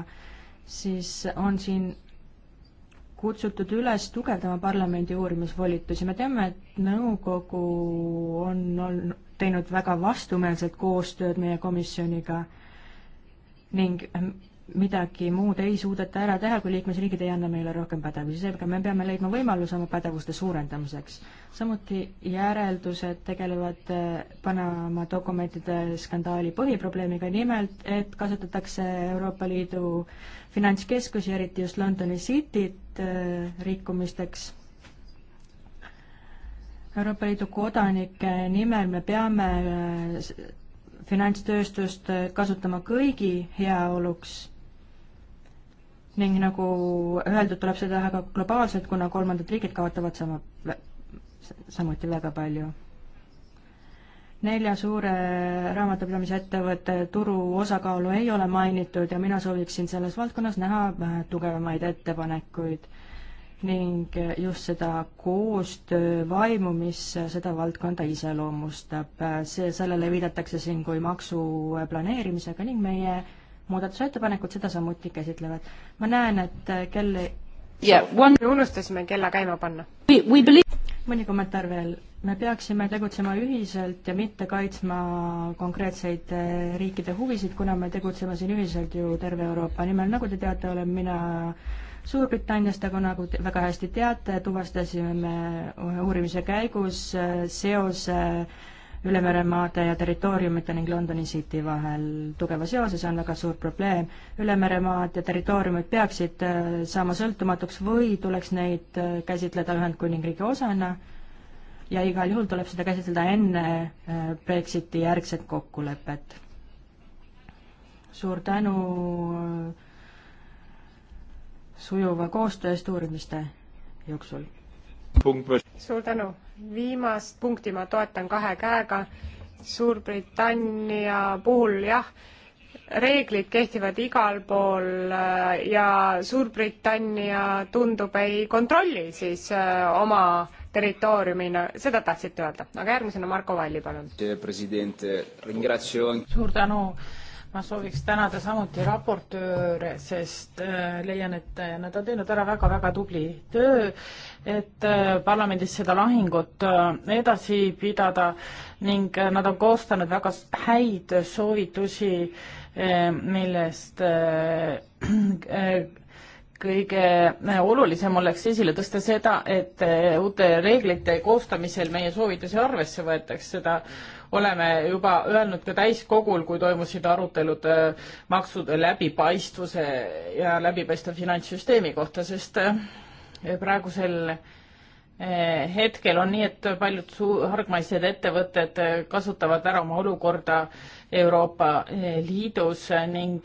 siis on siin kutsutud üles tugevdama parlamendi uurimisvolitusi, me teame, et nõukogu on olnud, teinud väga vastumeelset koostööd meie komisjoniga ning ehm, midagi muud ei suudeta ära teha, kui liikmesriigid ei anna meile rohkem pädevusi, seega me peame leidma võimaluse oma pädevuste suurendamiseks. samuti järeldused tegelevad äh, Panama dokumentide skandaali põhiprobleemiga, nimelt et kasutatakse Euroopa Liidu finantskeskusi, eriti just Londoni Cityt äh, rikkumisteks. Euroopa Liidu kodanike nimel me peame äh, finantstööstust kasutama kõigi heaoluks ning nagu öeldud, tuleb seda teha ka globaalselt, kuna kolmandad riigid kaotavad sama, samuti väga palju. nelja suure raamatupidamisettevõtte turu osakaalu ei ole mainitud ja mina sooviksin selles valdkonnas näha tugevamaid ettepanekuid ning just seda koostöövaimu, mis seda valdkonda iseloomustab. see, sellele viidatakse siin kui maksu planeerimisega ning meie muudatusettepanekud seda samuti käsitlevad. ma näen, et äh, kell yeah, one... me unustasime kella käima panna. Believe... mõni kommentaar veel. me peaksime tegutsema ühiselt ja mitte kaitsma konkreetseid äh, riikide huvisid, kuna me tegutseme siin ühiselt ju terve Euroopa nimel, nagu te teate, olen mina Suurbritanniast, aga nagu te väga hästi teate, tuvastasime me uurimise käigus äh, seose äh, Ülemeremaade ja territooriumite ning Londoni City vahel tugeva seose, see on väga suur probleem. ülemeremaad ja territooriumid peaksid äh, saama sõltumatuks või tuleks neid äh, käsitleda Ühendkuningriigi osana ja igal juhul tuleb seda käsitleda enne äh, Brexiti järgset kokkulepet. suur tänu sujuva koostöö eest uurimiste jooksul. suur tänu viimast punkti ma toetan kahe käega. Suurbritannia puhul jah, reeglid kehtivad igal pool äh, ja Suurbritannia tundub, ei kontrolli siis äh, oma territooriumina, seda tahtsite öelda, aga järgmisena Marko Valli, palun. suur tänu ma sooviks tänada samuti raportööre, sest äh, leian, et äh, nad on teinud ära väga-väga tubli töö, et äh, parlamendis seda lahingut edasi pidada ning nad on koostanud väga häid soovitusi, millest kõige olulisem oleks esile tõsta seda, et uute reeglite koostamisel meie soovitusi arvesse võetaks, seda mm oleme juba öelnud ka täiskogul, kui toimusid arutelud äh, maksude läbipaistvuse ja läbipaistva finantssüsteemi kohta, sest äh, praegusel äh, hetkel on nii, et paljud suu-, hargmaised ettevõtted kasutavad ära oma olukorda Euroopa Liidus ning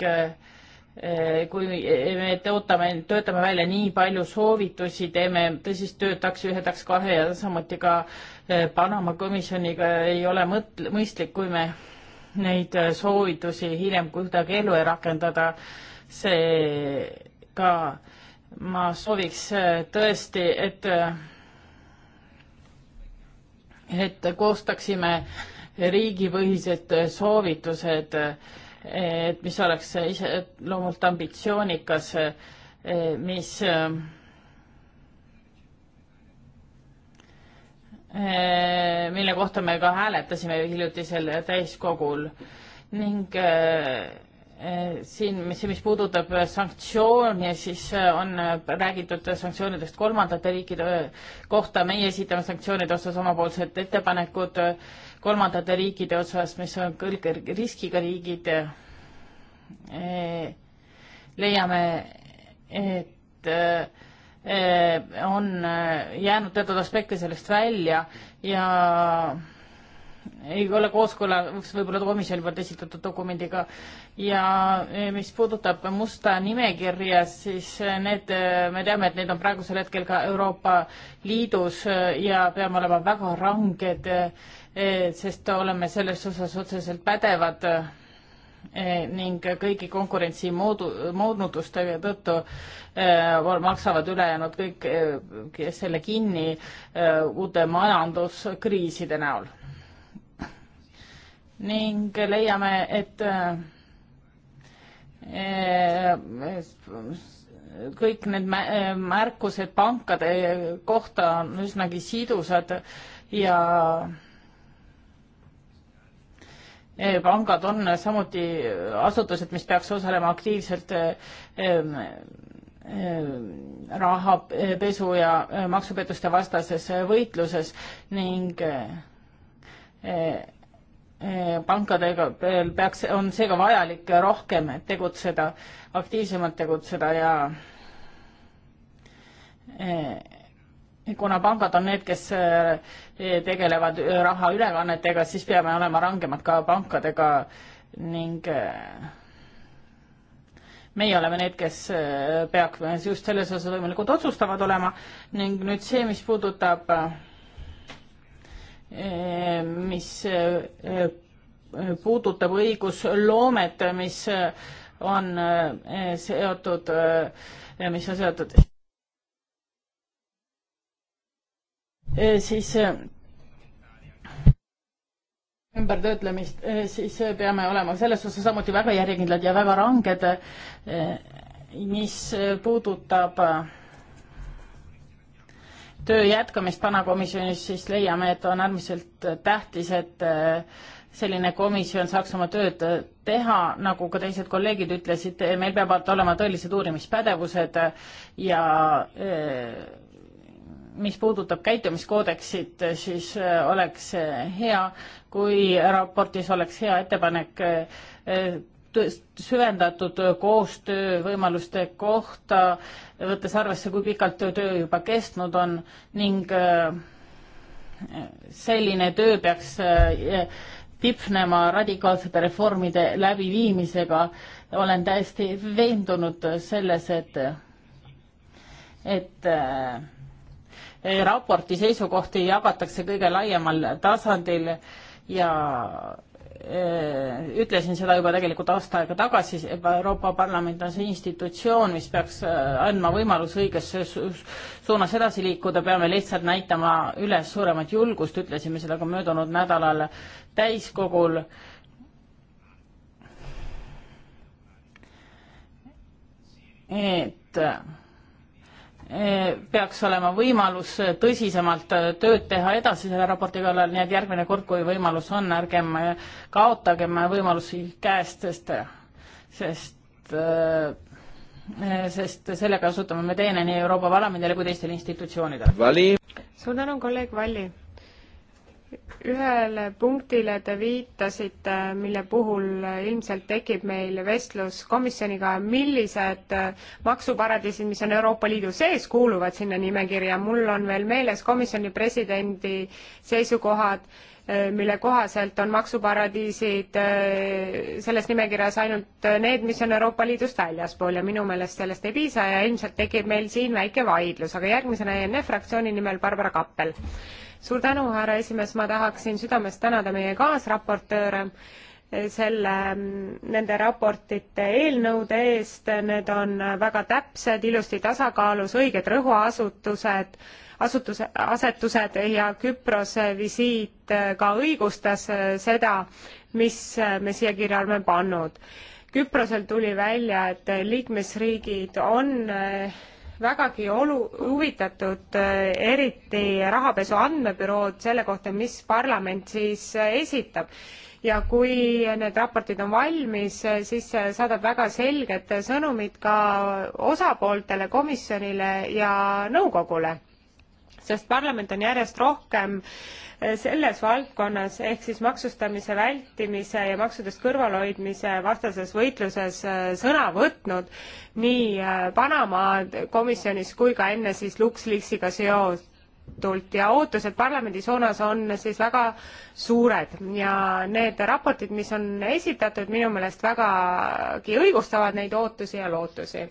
kui me tootame, töötame välja nii palju soovitusi, teeme tõsist tööd taks ühe, taks kahe ja samuti ka äh, Eh, Panama komisjoniga ei ole mõt-, mõistlik, kui me neid eh, soovitusi hiljem kuidagi ellu ei rakendada, see ka ma sooviks eh, tõesti, et, et koostaksime riigipõhised soovitused, et mis oleks ise loomult ambitsioonikas, mis Eh, mille kohta me ka hääletasime hiljutisel täiskogul ning eh, eh, siin, mis, mis puudutab sanktsioone, siis on räägitud sanktsioonidest kolmandate riikide kohta, meie esitame sanktsioonide osas omapoolsed ettepanekud kolmandate riikide osas, mis on kõrge riskiga riigid. leiame, et Eh, on eh, jäänud teatud aspekte sellest välja ja ei ole kooskõlas võib-olla komisjoni poolt esitatud dokumendiga. ja eh, mis puudutab musta nimekirja, siis need, me teame, et need on praegusel hetkel ka Euroopa Liidus ja peame olema väga ranged, sest oleme selles osas otseselt pädevad Eh, ning kõigi konkurentsi moodu, moonutuste tõttu eh, maksavad ülejäänud kõik eh, selle kinni uute majanduskriiside näol. ning leiame, et kõik need märkused pankade kohta on üsnagi sidusad ja pangad on samuti asutused, mis peaks osalema aktiivselt ähm, ähm, rahapesu ja äh, maksupettuste vastases võitluses ning äh, äh, pankadega peaks, on seega vajalik rohkem tegutseda, aktiivsemalt tegutseda ja kuna pangad on need, kes eh, tegelevad eh, raha ülekannetega, siis peame olema rangemad ka pankadega ning eh, meie oleme need, kes peaks just selles osas võimalikult otsustavad olema ning nüüd see, mis puudutab, mis puudutab õigusloomet, mis on seotud, mis on seotud Äh, siis äh, ümbertöötlemist, äh, siis peame olema selles osas samuti väga järjekindlad ja väga ranged, mis puudutab töö jätkamist vanakomisjonis, siis leiame, et on äärmiselt tähtis, et selline komisjon saaks oma tööd teha, nagu ka teised kolleegid ütlesid, meil peavad olema tõelised uurimispädevused ja mis puudutab käitumiskoodeksit, siis äh, oleks äh, hea, kui raportis oleks hea ettepanek äh, süvendatud koostöö võimaluste kohta, võttes arvesse, kui pikalt töö juba kestnud on ning selline töö peaks tipnema radikaalsete reformide läbiviimisega. olen täiesti veendunud selles, et, et raporti seisukohti jagatakse kõige laiemal tasandil ja eh, ütlesin seda juba tegelikult aasta aega tagasi, Euroopa Parlament on see institutsioon, mis peaks eh, andma võimaluse õiges suunas edasi liikuda, peame lihtsalt näitama üles suuremat julgust, ütlesime seda ka möödunud nädalal täiskogul et Eh, peaks olema võimalus tõsisemalt äh, tööd teha edasi selle raporti kallal, nii et järgmine kord, kui võimalus on, ärgem äh, kaotagem võimalusi käest, sest, äh, sest, sest sellega osutame me teene nii Euroopa Parlamendile kui teistele institutsioonidele. suur tänu, kolleeg Valli! ühele punktile te viitasite, mille puhul ilmselt tekib meil vestlus komisjoniga, millised maksuparadiisid, mis on Euroopa Liidu sees, kuuluvad sinna nimekirja. mul on veel meeles komisjoni presidendi seisukohad, mille kohaselt on maksuparadiisid eh, selles nimekirjas ainult need, mis on Euroopa Liidust väljaspool ja minu meelest sellest ei piisa ja ilmselt tekib meil siin väike vaidlus, aga järgmisena ENF fraktsiooni nimel Barbara Kappel suur tänu, härra esimees, ma tahaksin südamest tänada meie kaasraportööre eh, selle, mm, nende raportite eelnõude eest, need on väga täpsed, ilusti tasakaalus, õiged rõhuasutused, asutuse, asetused ja Küprose visiit eh, ka õigustas eh, seda, mis me siia kirja oleme pannud. Küprosel tuli välja, et liikmesriigid on vägagi olu-, huvitatud äh, eriti rahapesu andmebürood selle kohta, mis parlament siis äh, esitab. ja kui need raportid on valmis, äh, siis see saadab väga selged sõnumid ka osapooltele, komisjonile ja nõukogule sest parlament on järjest rohkem selles valdkonnas ehk siis maksustamise vältimise ja maksudest kõrvalhoidmise vastases võitluses äh, sõna võtnud nii äh, Panama komisjonis kui ka enne siis LuxLeaksiga seost tult ja ootused parlamendi suunas on siis väga suured ja need raportid, mis on esitatud, minu meelest vägagi õigustavad neid ootusi ja lootusi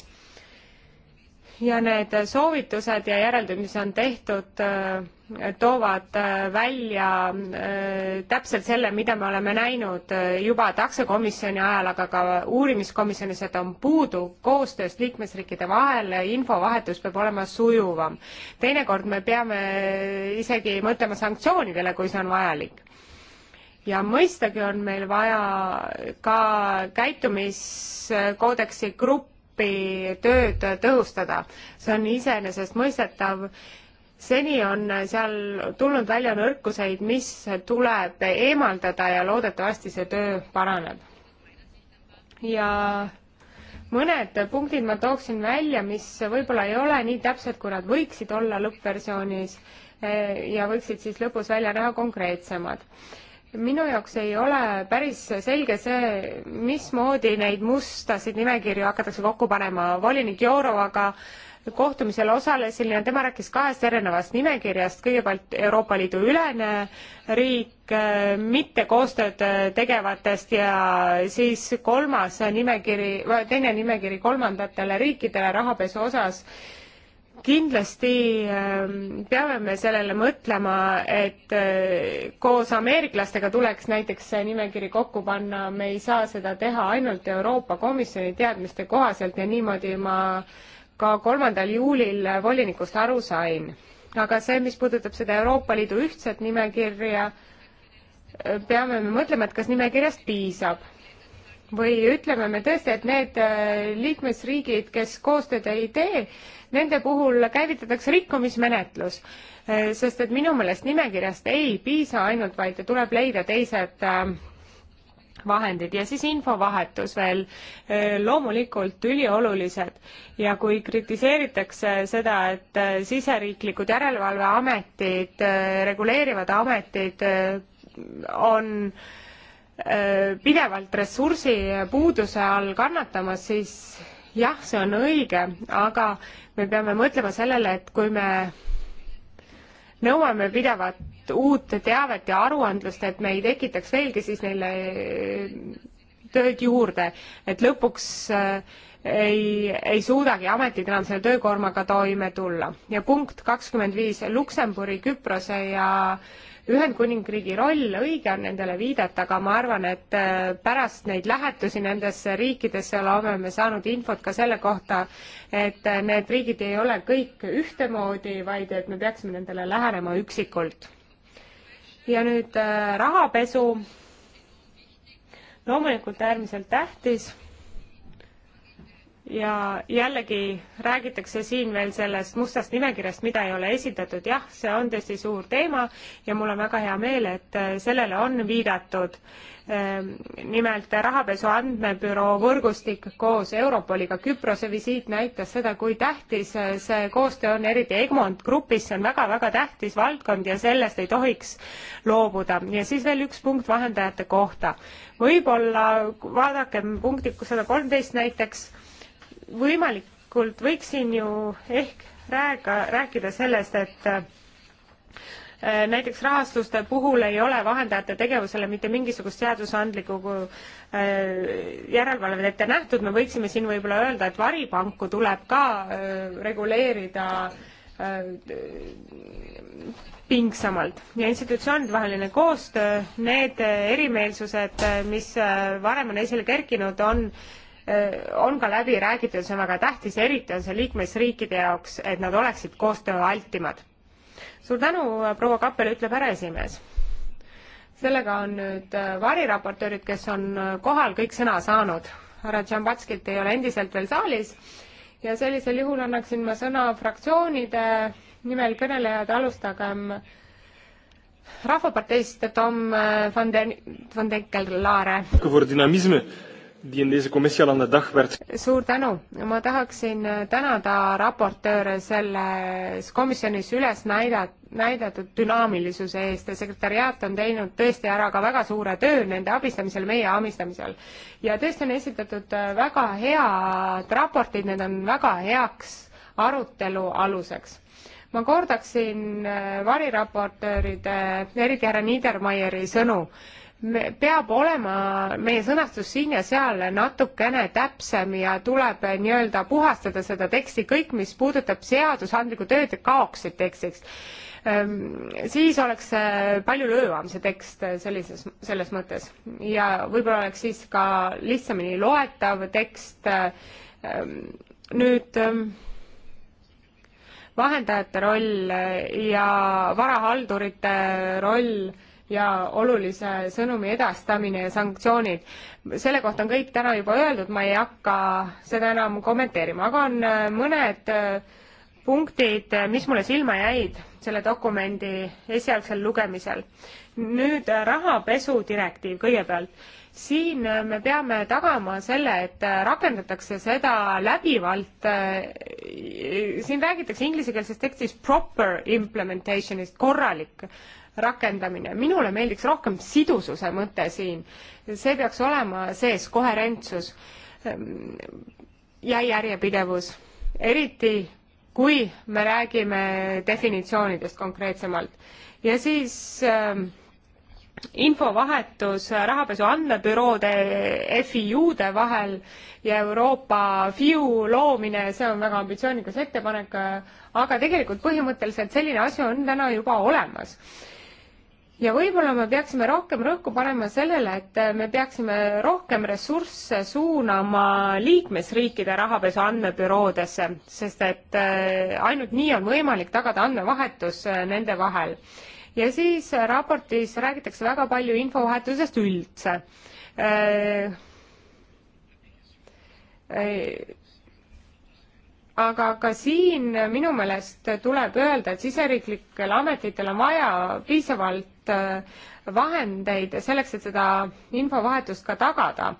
ja need soovitused ja järeldud, mis on tehtud, äh, toovad äh, välja äh, täpselt selle, mida me oleme näinud juba taksokomisjoni ajal, aga ka uurimiskomisjonis, et on puudu koostööst liikmesriikide vahel, infovahetus peab olema sujuvam. teinekord me peame isegi mõtlema sanktsioonidele, kui see on vajalik ja mõistagi on meil vaja ka käitumiskoodeksi grupp, gruppi tööd tõhustada. see on iseenesestmõistetav. seni on seal tulnud välja nõrkuseid, mis tuleb eemaldada ja loodetavasti see töö paraneb. ja mõned punktid ma tooksin välja, mis võib-olla ei ole nii täpsed, kui nad võiksid olla lõppversioonis eh, ja võiksid siis lõpus välja näha konkreetsemad minu jaoks ei ole päris selge see, mismoodi neid mustasid nimekirju hakatakse kokku panema. volinik Jourovaga kohtumisel osalesin ja tema rääkis kahest erinevast nimekirjast, kõigepealt Euroopa Liidu ülene riik, mitte koostööd tegevatest ja siis kolmas nimekiri, teine nimekiri kolmandatele riikidele rahapesu osas kindlasti ähm, peame me sellele mõtlema, et äh, koos ameeriklastega tuleks näiteks see nimekiri kokku panna, me ei saa seda teha ainult Euroopa Komisjoni teadmiste kohaselt ja niimoodi ma ka kolmandal juulil volinikust aru sain. aga see, mis puudutab seda Euroopa Liidu ühtset nimekirja, äh, peame me mõtlema, et kas nimekirjast piisab või ütleme me tõesti, et need äh, liikmesriigid, kes koostööd ei tee, nende puhul käivitatakse rikkumismenetlus, eh, sest et minu meelest nimekirjast ei piisa ainult, vaid tuleb leida teised eh, vahendid ja siis infovahetus veel eh, loomulikult üliolulised ja kui kritiseeritakse seda, et siseriiklikud järelevalveametid, reguleerivad ametid on pidevalt ressursipuuduse all kannatamas, siis jah, see on õige, aga me peame mõtlema sellele, et kui me nõuame pidevat uut teavet ja aruandlust, et me ei tekitaks veelgi siis neile eh, tööd juurde, et lõpuks eh, ei, ei suudagi ametid enam selle töökoormaga toime tulla. ja punkt kakskümmend viis, Luksemburi, Küprose ja äh, Ühendkuningriigi roll, õige on nendele viidata, aga ma arvan, et äh, pärast neid lähetusi nendesse riikidesse oleme me saanud infot ka selle kohta, et äh, need riigid ei ole kõik ühtemoodi, vaid et me peaksime nendele lähenema üksikult. ja nüüd äh, rahapesu, loomulikult äärmiselt tähtis ja jällegi räägitakse siin veel sellest mustast nimekirjast, mida ei ole esitatud, jah, see on tõesti suur teema ja mul on väga hea meel, et äh, sellele on viidatud. Ähm, nimelt rahapesu andmebüroo võrgustik koos Europoliga, Küprose visiit näitas seda, kui tähtis äh, see koostöö on, eriti Egmont grupis, see on väga-väga tähtis valdkond ja sellest ei tohiks loobuda. ja siis veel üks punkt vahendajate kohta. võib-olla vaadakem punkti sada kolmteist näiteks võimalikult võiksin ju ehk rääga, rääkida sellest, et äh, näiteks rahastuste puhul ei ole vahendajate tegevusele mitte mingisugust seadusandlikku äh, järelevalvet ette nähtud, me võiksime siin võib-olla öelda, et varipanku tuleb ka äh, reguleerida pingsamalt ja institutsioonide vaheline koostöö, need erimeelsused, mis varem on esile kerkinud, on Äh, on ka läbi räägitud, see on väga tähtis ja eriti on see liikmesriikide jaoks, et nad oleksid koostööaltimad. suur tänu, proua Kappel, ütleb härra esimees. sellega on nüüd äh, variraportöörid, kes on äh, kohal, kõik sõna saanud. härra Tšambatskit ei ole endiselt veel saalis ja sellisel juhul annaksin ma sõna fraktsioonide nimel kõnelejad, alustagem Rahvaparteist Tom van den, van den Laare suur tänu, ma tahaksin äh, tänada raportööre selles komisjonis üles näida-, näidatud dünaamilisuse eest ja sekretäriaat on teinud tõesti ära ka väga suure töö nende abistamisel, meie abistamisel. ja tõesti on esitatud äh, väga head raportid, need on väga heaks arutelu aluseks ma kordaksin äh, variraportööride, eriti härra Niedermayeri sõnu me, peab olema meie sõnastus siin ja seal natukene täpsem ja tuleb eh, nii-öelda puhastada seda teksti, kõik, mis puudutab seadusandlikku tööd, kaoksid tekstiks. Ehm, siis oleks see eh, palju löövam, see tekst eh, sellises, selles mõttes ja võib-olla oleks siis ka lihtsamini loetav tekst. Ehm, nüüd ehm, vahendajate roll ja varahaldurite roll ja olulise sõnumi edastamine ja sanktsioonid. selle kohta on kõik täna juba öeldud, ma ei hakka seda enam kommenteerima, aga on äh, mõned äh, punktid, äh, mis mulle silma jäid selle dokumendi esialgsel lugemisel. nüüd rahapesu direktiiv kõigepealt. siin me peame tagama selle, et rakendatakse seda läbivalt, siin räägitakse inglisekeelses tekstis proper implementation'ist, korralik rakendamine. minule meeldiks rohkem sidususe mõte siin. see peaks olema sees koherentsus ehm, ja järjepidevus, eriti kui me räägime definitsioonidest konkreetsemalt. ja siis äh, infovahetus rahapesu andmebüroode FIU-de vahel ja Euroopa FIU loomine, see on väga ambitsioonikas ettepanek, aga tegelikult põhimõtteliselt selline asi on täna juba olemas ja võib-olla me peaksime rohkem rõhku panema sellele, et me peaksime rohkem ressursse suunama liikmesriikide rahapesu andmebüroodesse, sest et äh, ainult nii on võimalik tagada andmevahetus äh, nende vahel. ja siis äh, raportis räägitakse väga palju infovahetusest üldse aga ka siin minu meelest tuleb öelda, et siseriiklikel ametitel on vaja piisavalt piisavalt äh, vahendeid selleks, et seda infovahetust ka tagada.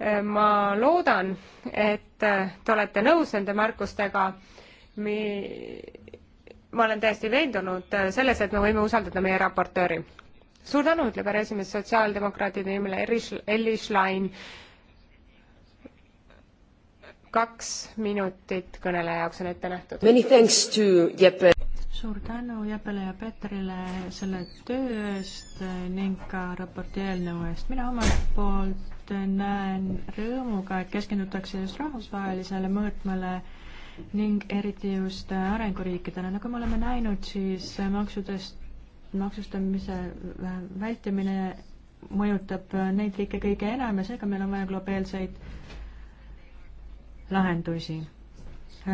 Äh, ma loodan, et äh, te olete nõus nende märkustega, mi-, ma olen täiesti veendunud selles, et me võime usaldada meie raportööri. suur tänu, ütleb härra esimees sotsiaaldemokraatide nimel Elli Schlein. kaks minutit kõneleja jaoks on ette nähtud. Many thanks to Jeppe suur tänu Jeppele ja Petrile selle töö eest ning ka raporti eelnõu eest. mina omalt poolt näen rõõmuga, et keskendutakse just rahvusvahelisele mõõtmele ning eriti just arenguriikidele. nagu me oleme näinud, siis maksudest, maksustamise vältimine mõjutab neid riike kõige enam ja seega meil on vaja globeelseid lahendusi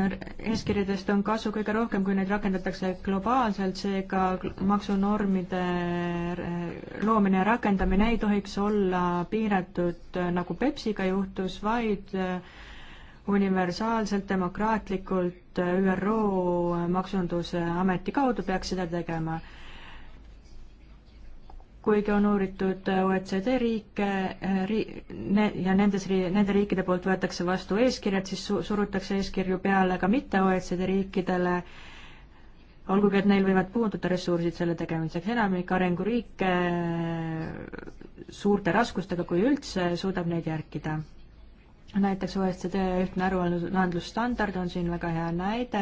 eeskirjadest on kasu kõige rohkem, kui neid rakendatakse globaalselt, seega maksunormide äh, loomine ja rakendamine ei tohiks olla piiratud, äh, nagu Pepsiga juhtus, vaid äh, universaalselt, demokraatlikult ÜRO maksunduse ameti kaudu peaks seda tegema kuigi on uuritud OECD riike eh, ri, ne, ja nendes, nende riikide poolt võetakse vastu eeskirjad, siis su, surutakse eeskirju peale ka mitte OECD riikidele, olgugi et neil võivad puududa ressursid selle tegemiseks, enamik arenguriike eh, suurte raskustega, kui üldse, suudab neid järgida näiteks OECD ühtne aruandlusstandard on siin väga hea näide,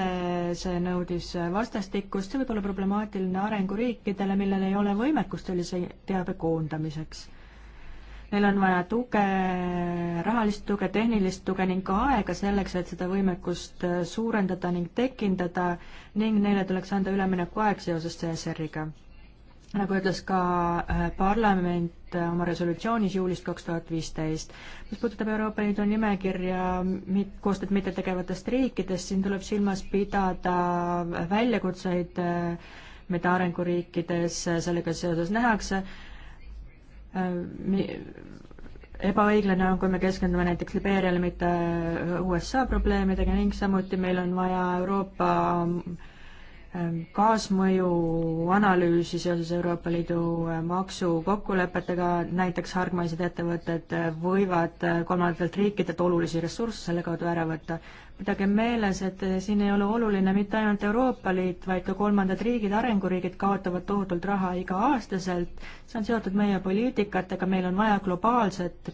see nõudis vastastikust, see võib olla problemaatiline arenguriikidele, millel ei ole võimekust sellise teabe koondamiseks. Neil on vaja tuge, rahalist tuge, tehnilist tuge ning ka aega selleks, et seda võimekust suurendada ning tekindada ning neile tuleks anda üleminekuaeg seoses CSR-iga nagu ütles ka äh, parlament äh, oma resolutsioonis juulist kaks tuhat viisteist. mis puudutab Euroopa Liidu nimekirja mit-, koostööd mittetegevatest riikidest, siin tuleb silmas pidada äh, väljakutseid, mida arenguriikides sellega seoses nähakse, ebaõiglane on, kui me keskendume näiteks Libeeriale, mitte USA probleemidega ning samuti meil on vaja Euroopa Ähm, kaasmõju analüüsi seoses Euroopa Liidu äh, maksukokkulepetega, näiteks hargmaised ettevõtted äh, võivad äh, kolmandatelt riikidelt olulisi ressursse selle kaudu ära võtta. pidagem meeles, et siin ei ole oluline mitte ainult Euroopa Liit, vaid ka kolmandad riigid, arenguriigid kaotavad tohutult raha iga-aastaselt, see on seotud meie poliitikatega, meil on vaja globaalset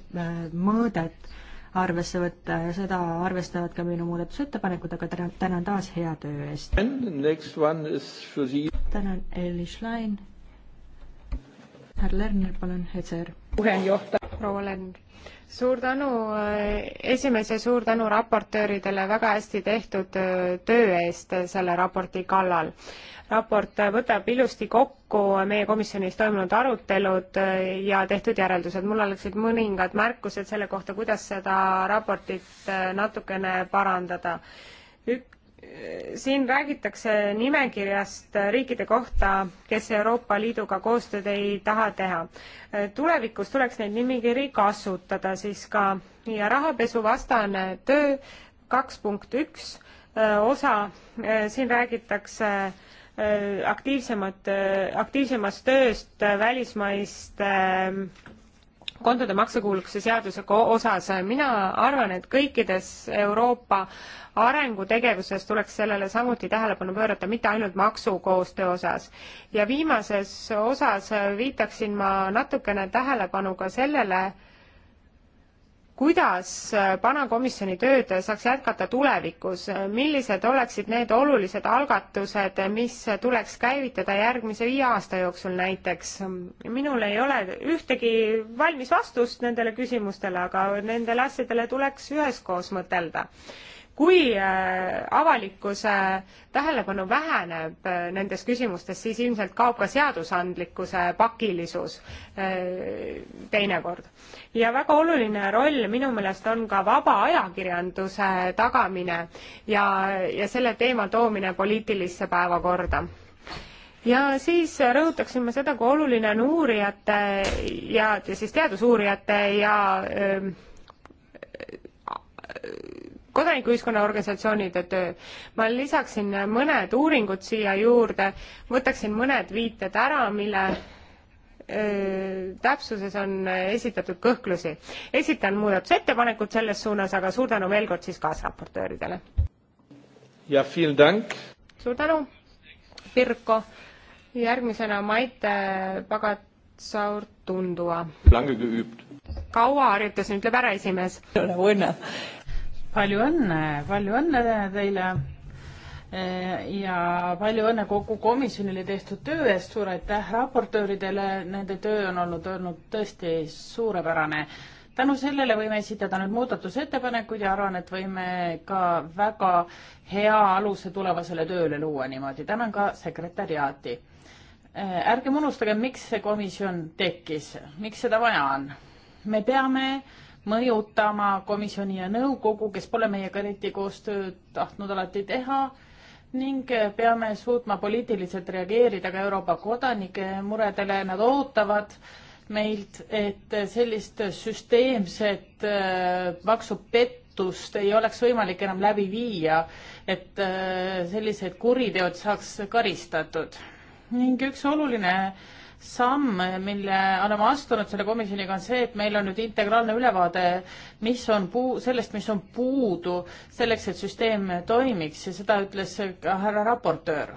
mõõdet arvesse võtta ja seda arvestavad ka minu muudatusettepanekud, aga tänan, tänan taas hea töö eest. tänan, Elli Schlein. härra Lerner, palun, ECR. proua Lerner suur tänu äh, esimees ja suur tänu raportööridele väga hästi tehtud äh, töö eest selle raporti kallal raport võtab ilusti kokku meie komisjonis toimunud arutelud äh, ja tehtud järeldused. mul oleksid mõningad märkused selle kohta, kuidas seda raportit äh, natukene parandada. Ük-, äh, siin räägitakse nimekirjast riikide kohta, kes Euroopa Liiduga koostööd ei taha teha. tulevikus tuleks neid nimekiri kasutada siis ka ja rahapesuvastane töö kaks punkt üks osa, siin räägitakse äh, Äh, aktiivsemat, äh, aktiivsemast tööst äh, välismaiste kontode maksekuuluvuse seaduse osas. mina arvan, et kõikides Euroopa arengutegevuses tuleks sellele samuti tähelepanu pöörata, mitte ainult maksukoostöö osas. ja viimases osas viitaksin ma natukene tähelepanu ka sellele, kuidas äh, pana komisjoni tööd saaks jätkata tulevikus, millised oleksid need olulised algatused, mis tuleks käivitada järgmise viie aasta jooksul näiteks? minul ei ole ühtegi valmis vastust nendele küsimustele, aga nendele asjadele tuleks üheskoos mõtelda kui äh, avalikkuse tähelepanu väheneb äh, nendes küsimustes, siis ilmselt kaob ka seadusandlikkuse pakilisus äh, teinekord. ja väga oluline roll minu meelest on ka vaba ajakirjanduse tagamine ja, ja selle teema toomine poliitilisse päevakorda ja siis rõhutaksin ma seda, kui oluline on uurijate ja, ja siis teadusuurijate ja öö, ähm, kodanikuühiskonna organisatsioonide töö. ma lisaksin mõned uuringud siia juurde, võtaksin mõned viited ära, mille öö, täpsuses on esitatud kõhklusi. esitan muudatusettepanekud selles suunas, aga suur tänu veel kord siis kaasraportööridele. ja, suur tänu, Pirko. järgmisena Maite Pagatsaur Tundua. kaua harjutas, ütleb ära esimees. ei ole õnne palju õnne, palju õnne teile eh, ja palju õnne kogu komisjonile tehtud töö eest, suur aitäh raportööridele, nende töö on olnud, olnud tõesti suurepärane. tänu sellele võime esitada nüüd muudatusettepanekuid ja arvan, et võime ka väga hea aluse tulevasele tööle luua niimoodi, tänan ka sekretäriaati. Eh, ärgem unustagem, miks see komisjon tekkis, miks seda vaja on. me peame äh, mõjutama komisjoni ja nõukogu, kes pole meiega eriti koostööd tahtnud alati teha ning peame suutma poliitiliselt reageerida ka Euroopa kodanike muredele, nad ootavad meilt, et sellist süsteemset äh, maksupettust ei oleks võimalik enam läbi viia, et äh, sellised kuriteod saaks karistatud. ning üks oluline äh, samm, mille oleme astunud selle komisjoniga, on see, et meil on nüüd integraalne ülevaade, mis on puu, sellest, mis on puudu selleks, et süsteem toimiks ja seda ütles ka härra raportöör.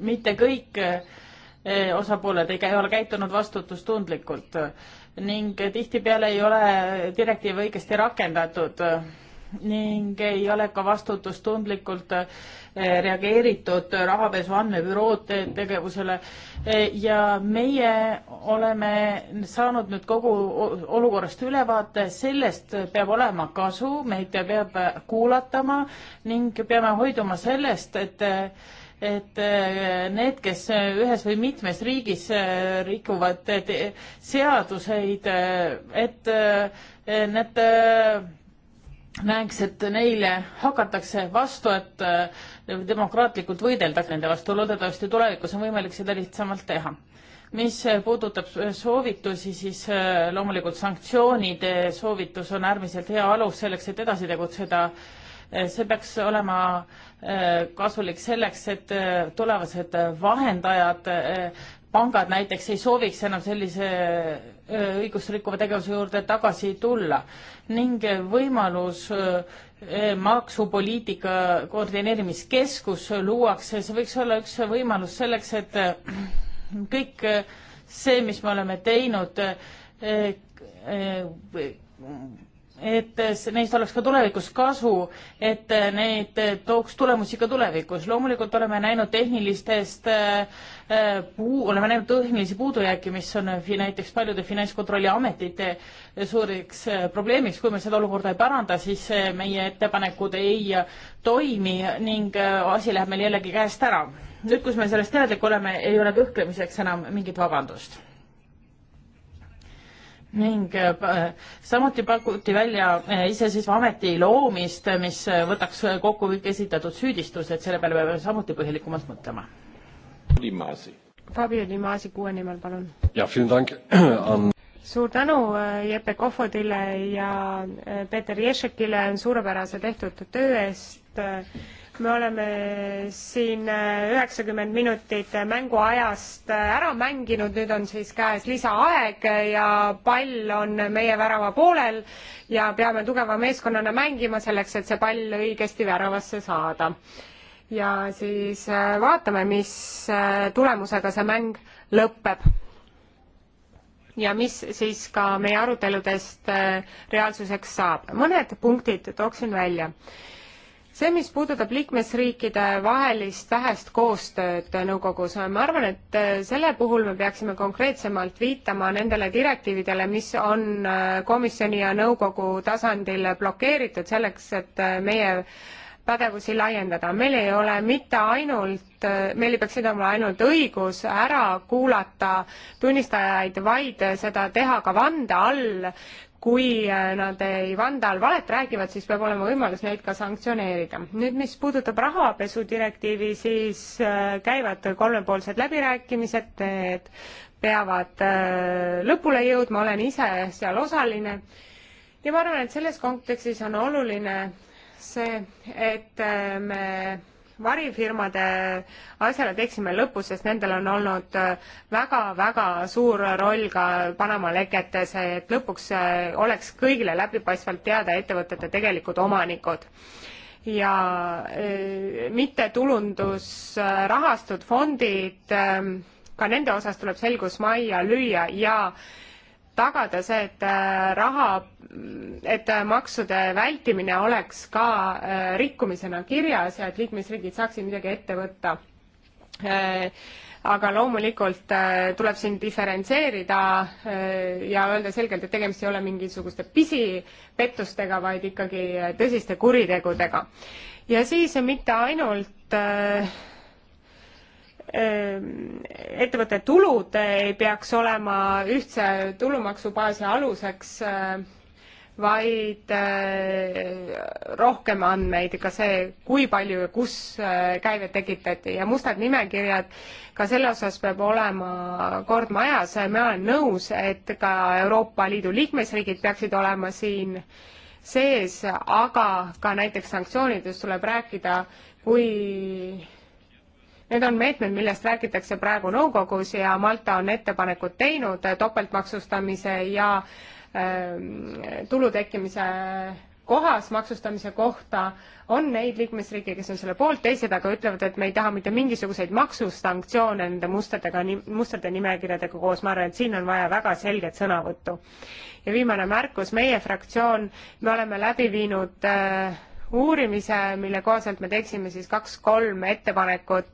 mitte kõik eh, osapooled ei ole käitunud vastutustundlikult ning tihtipeale ei ole direktiiv õigesti rakendatud ning ei ole ka vastutustundlikult eh, reageeritud rahapesu andmebüroode tegevusele eh, ja meie oleme saanud nüüd kogu olukorrast ülevaate, sellest peab olema kasu, meid peab kuulatama ning peame hoiduma sellest, et et eh, need, kes ühes või mitmes riigis rikuvad seaduseid, et need näeks, et neile hakatakse vastu, et äh, demokraatlikult võidelda nende vastu, loodetavasti tulevikus on võimalik seda lihtsamalt teha. mis äh, puudutab äh, soovitusi, siis loomulikult sanktsioonide soovitus on äärmiselt hea alus selleks, et edasi tegutseda. see peaks olema kasulik selleks, et tulevased vahendajad pangad näiteks ei sooviks enam sellise Äh, õigust rikkuva tegevuse juurde tagasi tulla ning võimalus äh, äh, maksupoliitika koordineerimiskeskus luuakse, see võiks olla üks võimalus selleks, et kõik see, mis me oleme teinud, et neist oleks ka tulevikus kasu, et neid tooks tulemusi ka tulevikus. loomulikult oleme näinud tehnilistest äh, puu, oleme näinud tehnilisi puudujääke, mis on näiteks paljude Finantskontrolli ametite suureks äh, probleemiks, kui me seda olukorda ei paranda, siis äh, meie ettepanekud ei toimi ning äh, asi läheb meil jällegi käest ära. nüüd, kus me sellest teadlik oleme, ei ole kõhklemiseks enam mingit vabandust ning samuti pakuti välja iseseisva ameti loomist, mis võtaks kokku kõik esitatud süüdistused, selle peale peame samuti põhjalikumalt mõtlema Di Masi. Fabio Di Masi kuue nimel, palun. jah, äh, suur tänu äh, Jeppe Kohvodile ja äh, Peeter Ješekile suurepärase tehtud töö eest. me oleme siin üheksakümmend minutit mänguajast ära mänginud, nüüd on siis käes lisaaeg ja pall on meie värava poolel ja peame tugeva meeskonnana mängima selleks, et see pall õigesti väravasse saada ja siis äh, vaatame, mis äh, tulemusega see mäng lõpeb. ja mis siis ka meie aruteludest äh, reaalsuseks saab. mõned punktid tooksin välja see, mis puudutab liikmesriikide vahelist vähest koostööd nõukogus, ma arvan, et selle puhul me peaksime konkreetsemalt viitama nendele direktiividele, mis on komisjoni ja nõukogu tasandil blokeeritud selleks, et meie pädevusi laiendada. meil ei ole mitte ainult, meil ei peaks olema ainult õigus ära kuulata tunnistajaid, vaid seda teha ka vande all. kui nad ei vande all valet räägivad, siis peab olema võimalus neid ka sanktsioneerida. nüüd, mis puudutab rahapesu direktiivi, siis äh, käivad kolmepoolsed läbirääkimised, need peavad äh, lõpule jõudma, olen ise seal osaline ja ma arvan, et selles kontekstis on oluline see, et äh, me varifirmade asjale teeksime lõpu, sest nendel on olnud väga-väga äh, suur roll ka Panama leketes, et lõpuks äh, oleks kõigile läbipaistvalt teada ettevõtete tegelikud omanikud ja mittetulundusrahastud, fondid, ka nende osas tuleb selgus majja lüüa ja tagada see, et äh, raha, et äh, maksude vältimine oleks ka äh, rikkumisena kirjas ja et liikmesriigid saaksid midagi ette võtta. aga loomulikult tuleb siin diferentseerida ja öelda selgelt, et tegemist ei ole mingisuguste pisipettustega, vaid ikkagi tõsiste kuritegudega. ja siis mitte ainult Ehm, ettevõtte tulud ei peaks olema ühtse tulumaksubaasi aluseks, ehm, vaid ehm, rohkem andmeid, ka see, kui palju ja kus käivet tekitati ja mustad nimekirjad, ka selle osas peab olema kord majas, ma olen nõus, et ka Euroopa Liidu liikmesriigid peaksid olema siin sees, aga ka näiteks sanktsioonidest tuleb rääkida, kui Need on meetmed, millest räägitakse praegu nõukogus ja Malta on ettepanekud teinud äh, topeltmaksustamise ja äh, tulu tekkimise kohas maksustamise kohta on neid liikmesriike, kes on selle poolt, teised aga ütlevad, et me ei taha mitte mingisuguseid maksustanktsioone nende mustadega, mustade nimekirjadega koos, ma arvan, et siin on vaja väga selget sõnavõttu. ja viimane märkus, meie fraktsioon, me oleme läbi viinud äh, uurimise, mille kohaselt me teeksime siis kaks-kolm ettepanekut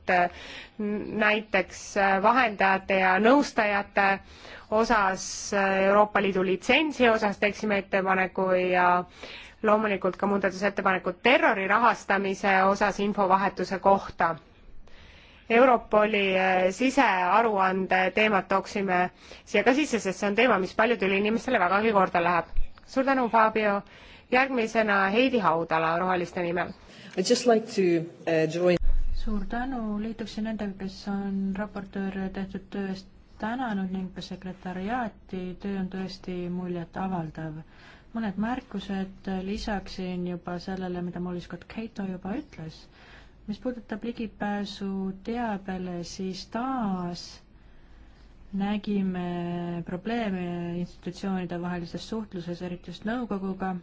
näiteks vahendajate ja nõustajate osas, Euroopa Liidu litsentsi osas teeksime ettepaneku ja loomulikult ka muudatusettepanekud terrori rahastamise osas infovahetuse kohta. Europoli äh, sisearuande teemat tooksime siia ka sisse, sest see on teema, mis paljudele inimestele vägagi korda läheb. suur tänu, Fabio järgmisena Heidi Haudala Roheliste nimel. Like uh, join... suur tänu, liituksin nendega, kes on raportööre tehtud töö eest tänanud ning ka sekretäriaati, töö on tõesti muljetavaldav. mõned märkused lisaksin juba sellele, mida Molly Scott Cato juba ütles. mis puudutab ligipääsu teabele, siis taas nägime probleeme institutsioonide vahelises suhtluses, eriti just nõukoguga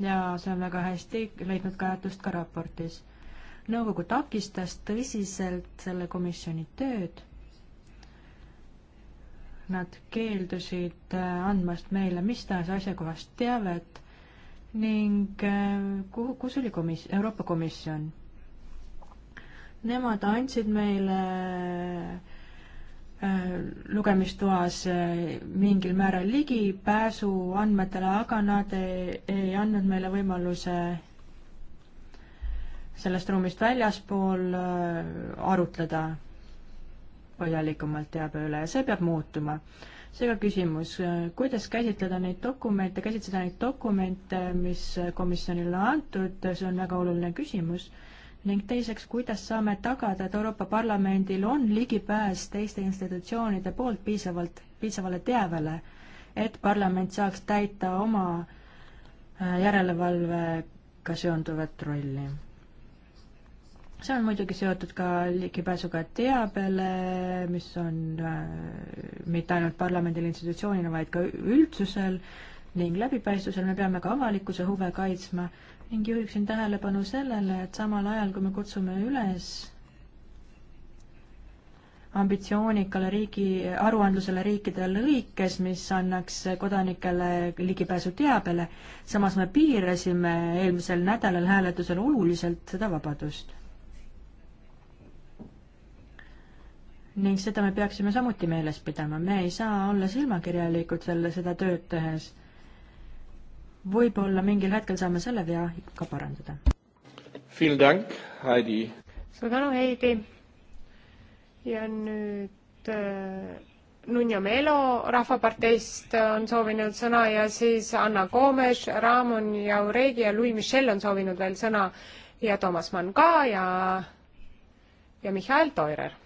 ja see on väga hästi leidnud kajatust ka raportis. nõukogu takistas tõsiselt selle komisjoni tööd. Nad keeldusid äh, andmast meile mis tahes asjakohast teavet ning äh, kuhu, kus oli komis-, Euroopa Komisjon? Nemad andsid meile Äh, lugemistoas äh, mingil määral ligipääsu andmetele, aga nad ei, ei andnud meile võimaluse sellest ruumist väljaspool äh, arutleda põhjalikumalt teabe üle ja see peab muutuma. seega küsimus, kuidas käsitleda neid dokumente, käsitleda neid dokumente, mis komisjonile antud, see on väga oluline küsimus ning teiseks, kuidas saame tagada, et Euroopa Parlamendil on ligipääs teiste institutsioonide poolt piisavalt, piisavale teavele, et parlament saaks täita oma äh, järelevalvega seonduvat rolli. see on muidugi seotud ka ligipääsuga teabele, mis on äh, mitte ainult parlamendil institutsioonina, vaid ka üldsusel ning läbipaistvusel me peame ka avalikkuse huve kaitsma ning juhiksin tähelepanu sellele, et samal ajal, kui me kutsume üles ambitsioonikale riigi, aruandlusele riikide lõikes, mis annaks kodanikele ligipääsu teabele. samas me piirasime eelmisel nädalal hääletusel oluliselt seda vabadust. ning seda me peaksime samuti meeles pidama, me ei saa olla silmakirjalikud selle, seda tööd tehes võib-olla mingil hetkel saame selle vea ka parandada. suur tänu, Heidi! ja nüüd äh, Nunja Melo Rahvaparteist on soovinud sõna ja siis Anna Gomes, Ramon Jauregi ja Louis Michel on soovinud veel sõna ja Toomas Mann ka ja, ja Mihhail Toirer.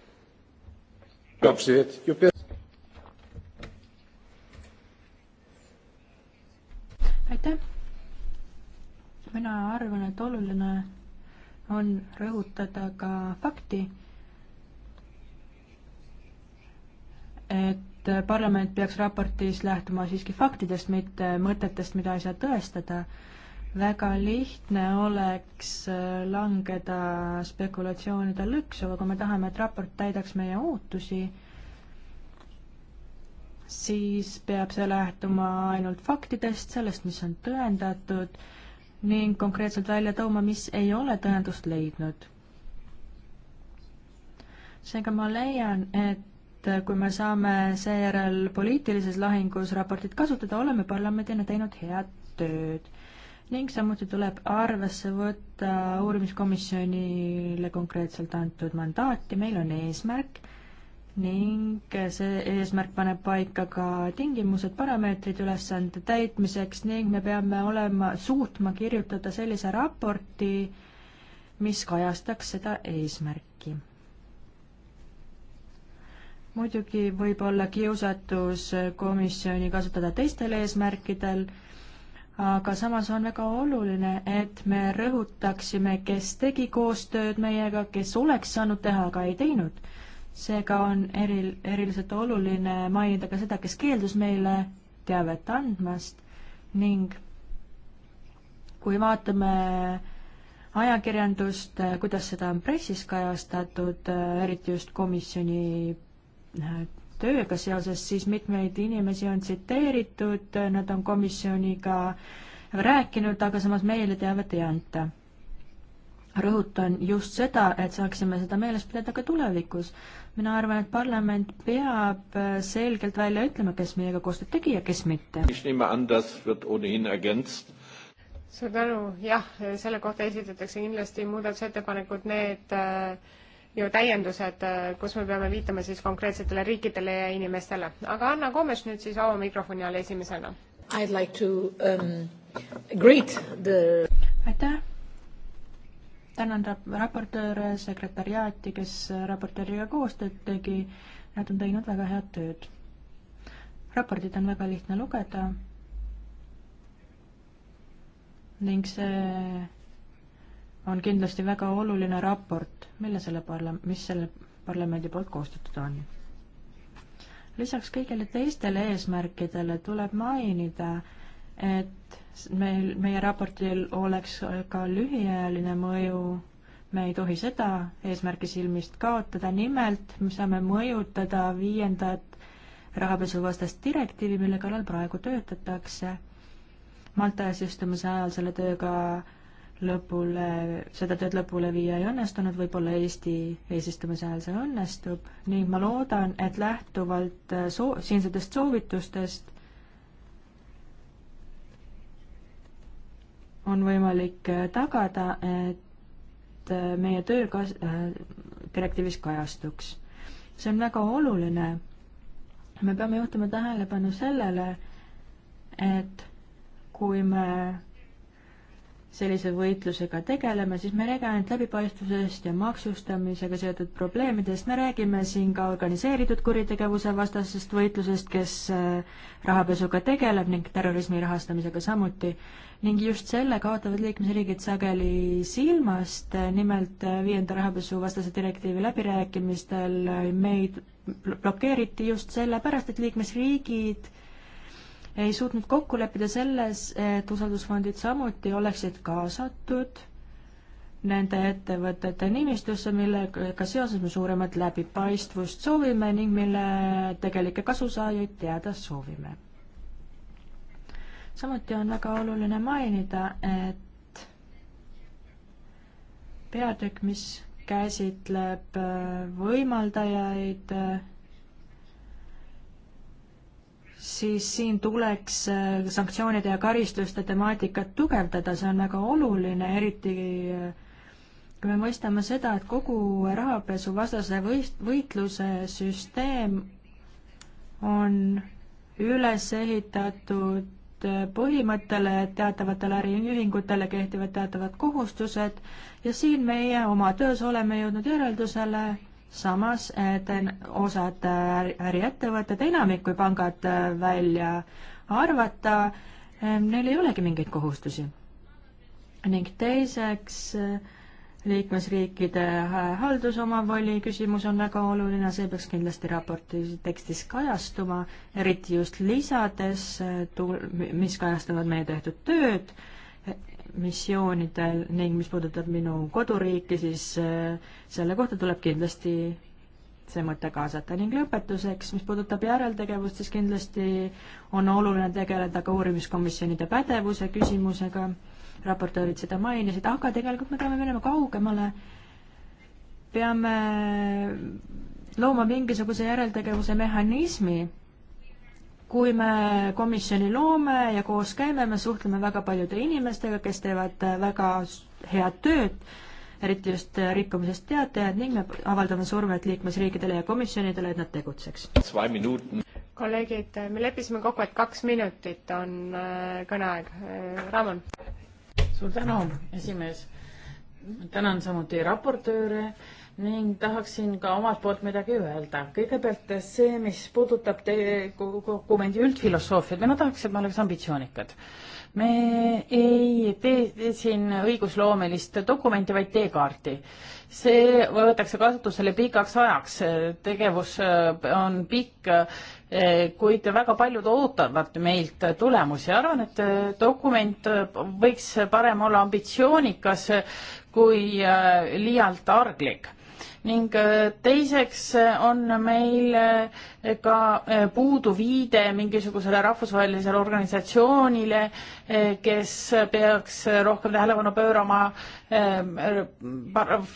aitäh! mina arvan, et oluline on rõhutada ka fakti, et parlament peaks raportis lähtuma siiski faktidest, mitte mõtetest, mida ei saa tõestada. väga lihtne oleks langeda spekulatsioonide lõksu, aga kui me tahame, et raport täidaks meie ootusi, siis peab see lähtuma ainult faktidest, sellest, mis on tõendatud ning konkreetselt välja tooma, mis ei ole tõendust leidnud. seega ma leian, et kui me saame seejärel poliitilises lahingus raportit kasutada, oleme parlamendina teinud head tööd ning samuti tuleb arvesse võtta uurimiskomisjonile konkreetselt antud mandaati, meil on eesmärk ning see eesmärk paneb paika ka tingimused, parameetrid ülesande täitmiseks ning me peame olema, suutma kirjutada sellise raporti, mis kajastaks seda eesmärki. muidugi võib olla kiusatus komisjoni kasutada teistel eesmärkidel, aga samas on väga oluline, et me rõhutaksime, kes tegi koostööd meiega, kes oleks saanud teha, aga ei teinud seega on eril, eriliselt oluline mainida ka seda, kes keeldus meile teavet andmast ning kui vaatame ajakirjandust, kuidas seda on pressis kajastatud, eriti just komisjoni äh, tööga seoses, siis mitmeid inimesi on tsiteeritud, nad on komisjoniga rääkinud, aga samas meile teavet ei anta. rõhutan just seda, et saaksime seda meeles pidada ka tulevikus, mina arvan, et parlament peab äh, selgelt välja ütlema, kes meiega koostööd tegi ja kes mitte. suur tänu, jah, selle kohta esitatakse kindlasti muudatusettepanekud, need äh, ju täiendused, äh, kus me peame viitama siis konkreetsetele riikidele ja inimestele. aga Anna Komes nüüd siis vaba mikrofoni all esimesena. I'd like to um, greet the aitäh tänan rap-, raportööre, sekretäriaati, kes raportööriga koostööd tegi, nad on teinud väga head tööd. raportit on väga lihtne lugeda ning see on kindlasti väga oluline raport, mille selle parla-, mis selle parlamendi poolt koostatud on. lisaks kõigile teistele eesmärkidele tuleb mainida, et meil, meie raportil oleks ka lühiajaline mõju, me ei tohi seda eesmärki silmist kaotada, nimelt me saame mõjutada viiendat rahapesuvastast direktiivi, mille kallal praegu töötatakse. Malta eesistumise ajal selle tööga lõpule, seda tööd lõpule viia ei õnnestunud, võib-olla Eesti eesistumise ajal see õnnestub ning ma loodan, et lähtuvalt soo-, siinsetest soovitustest on võimalik äh, tagada, et äh, meie töö kas- äh,, direktiivis kajastuks. see on väga oluline. me peame juhtima tähelepanu sellele, et kui me sellise võitlusega tegeleme, siis me ei räägi ainult läbipaistvusest ja maksustamisega seotud probleemidest, me räägime siin ka organiseeritud kuritegevuse vastasest võitlusest, kes äh, rahapesuga tegeleb ning terrorismi rahastamisega samuti. ning just selle kaotavad liikmesriigid sageli silmast, äh, nimelt äh, viienda rahapesuvastase direktiivi läbirääkimistel meid blokeeriti just sellepärast, et liikmesriigid ei suutnud kokku leppida selles, et usaldusfondid samuti oleksid kaasatud nende ettevõtete nimistusse, millega seoses me suuremat läbipaistvust soovime ning mille tegelikke kasusaajaid teada soovime. samuti on väga oluline mainida, et peatükk, mis käsitleb võimaldajaid siis siin tuleks äh, sanktsioonide ja karistuste temaatikat tugevdada, see on väga oluline, eriti äh, kui me mõistame seda, et kogu rahapesuvastase võist-, võitluse süsteem on üles ehitatud äh, põhimõttele, et teatavatele äriühingutele kehtivad teatavad kohustused ja siin meie oma töös oleme jõudnud järeldusele, samas osad äh, äriettevõtted, enamik kui pangad äh, välja arvata, äh, neil ei olegi mingeid kohustusi. ning teiseks, liikmesriikide haldusomavoli küsimus on väga oluline, see peaks kindlasti raporti tekstis kajastuma, eriti just lisades, mis kajastavad meie tehtud tööd missioonidel ning mis puudutab minu koduriiki, siis äh, selle kohta tuleb kindlasti see mõte kaasata ning lõpetuseks, mis puudutab järeltegevust, siis kindlasti on oluline tegeleda ka uurimiskomisjonide pädevuse küsimusega, raportöörid seda mainisid, aga tegelikult me peame minema kaugemale, peame looma mingisuguse järeltegevuse mehhanismi kui me komisjoni loome ja koos käime, me suhtleme väga paljude inimestega, kes teevad äh, väga head tööd, eriti just äh, rikkumisest teatajad ning me avaldame survet liikmesriikidele ja komisjonidele, et nad tegutseks. kolleegid, me leppisime kokku, et kaks minutit on äh, kõneaeg. Raamon. suur tänu, esimees. tänan samuti raportööre ning tahaksin ka omalt poolt midagi öelda. kõigepealt see, mis puudutab teie dokumendi üldfilosoofiat, mina tahaks, et me oleks ambitsioonikad. me ei tee siin õigusloomelist dokumenti, vaid teekaarti. see võetakse kasutusele pikaks ajaks, tegevus äh, on pikk, äh, kuid väga paljud ootavad meilt tulemusi. arvan, et äh, dokument võiks parem olla ambitsioonikas kui liialt arglik ning äh, teiseks äh, on meil äh, ka puudu viide mingisugusele rahvusvahelisele organisatsioonile, kes peaks rohkem tähelepanu pöörama ähm,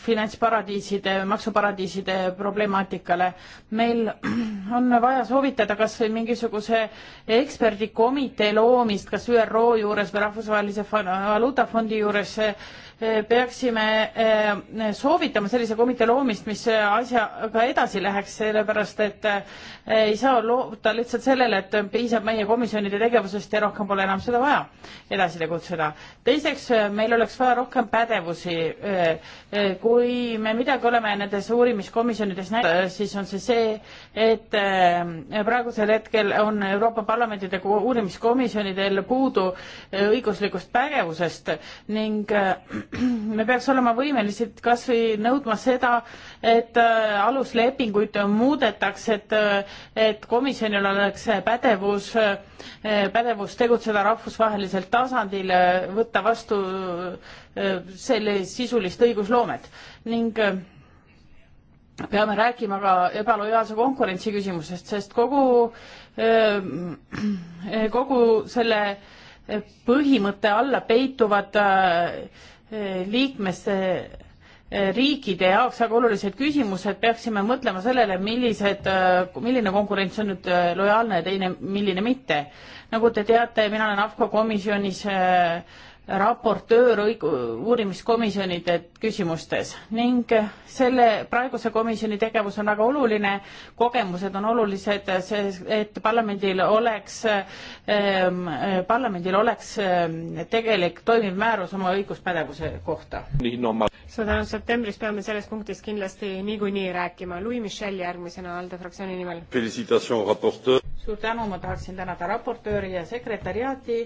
finantsparadiiside, maksuparadiiside problemaatikale. meil on vaja soovitada kas või mingisuguse eksperdikomitee loomist kas ÜRO juures või Rahvusvahelise Valuutafondi juures, peaksime eh, soovitama sellise komitee loomist, mis asjaga edasi läheks, sellepärast et eh, ei saa loota lihtsalt sellele, et piisab meie komisjonide tegevusest ja rohkem pole enam seda vaja edasi tegutseda. teiseks, eh, meil oleks vaja rohkem pädevusi. kui me midagi oleme nendes uurimiskomisjonides näinud, siis on see see, et praegusel hetkel on Euroopa Parlamentide uurimiskomisjonidel puudu õiguslikust pädevusest ning me peaks olema võimelised kas või nõudma seda, et äh, aluslepinguid muudetaks, et, äh, et komisjonil oleks pädevus, äh, pädevus tegutseda rahvusvahelisel tasandil, võtta vastu selle sisulist õigusloomet ning peame rääkima ka ebalojaalse konkurentsi küsimusest, sest kogu, kogu selle põhimõtte alla peituvad äh, liikmesriikide eh, jaoks väga olulised küsimused, peaksime mõtlema sellele, millised, eh, milline konkurents on nüüd eh, lojaalne ja teine, milline mitte. nagu te teate, mina olen AFCO komisjonis äh, raportöör õigu-, uurimiskomisjonide küsimustes ning selle praeguse komisjoni tegevus on väga oluline, kogemused on olulised, see, et parlamendil oleks ähm,, parlamendil oleks ähm, tegelik toimiv määrus oma õiguspädevuse kohta. suur tänu, septembris peame selles punktis kindlasti niikuinii rääkima, Louis Michel järgmisena ALDE fraktsiooni nimel. suur tänu, ma tahaksin tänada raportööri ja sekretäriaati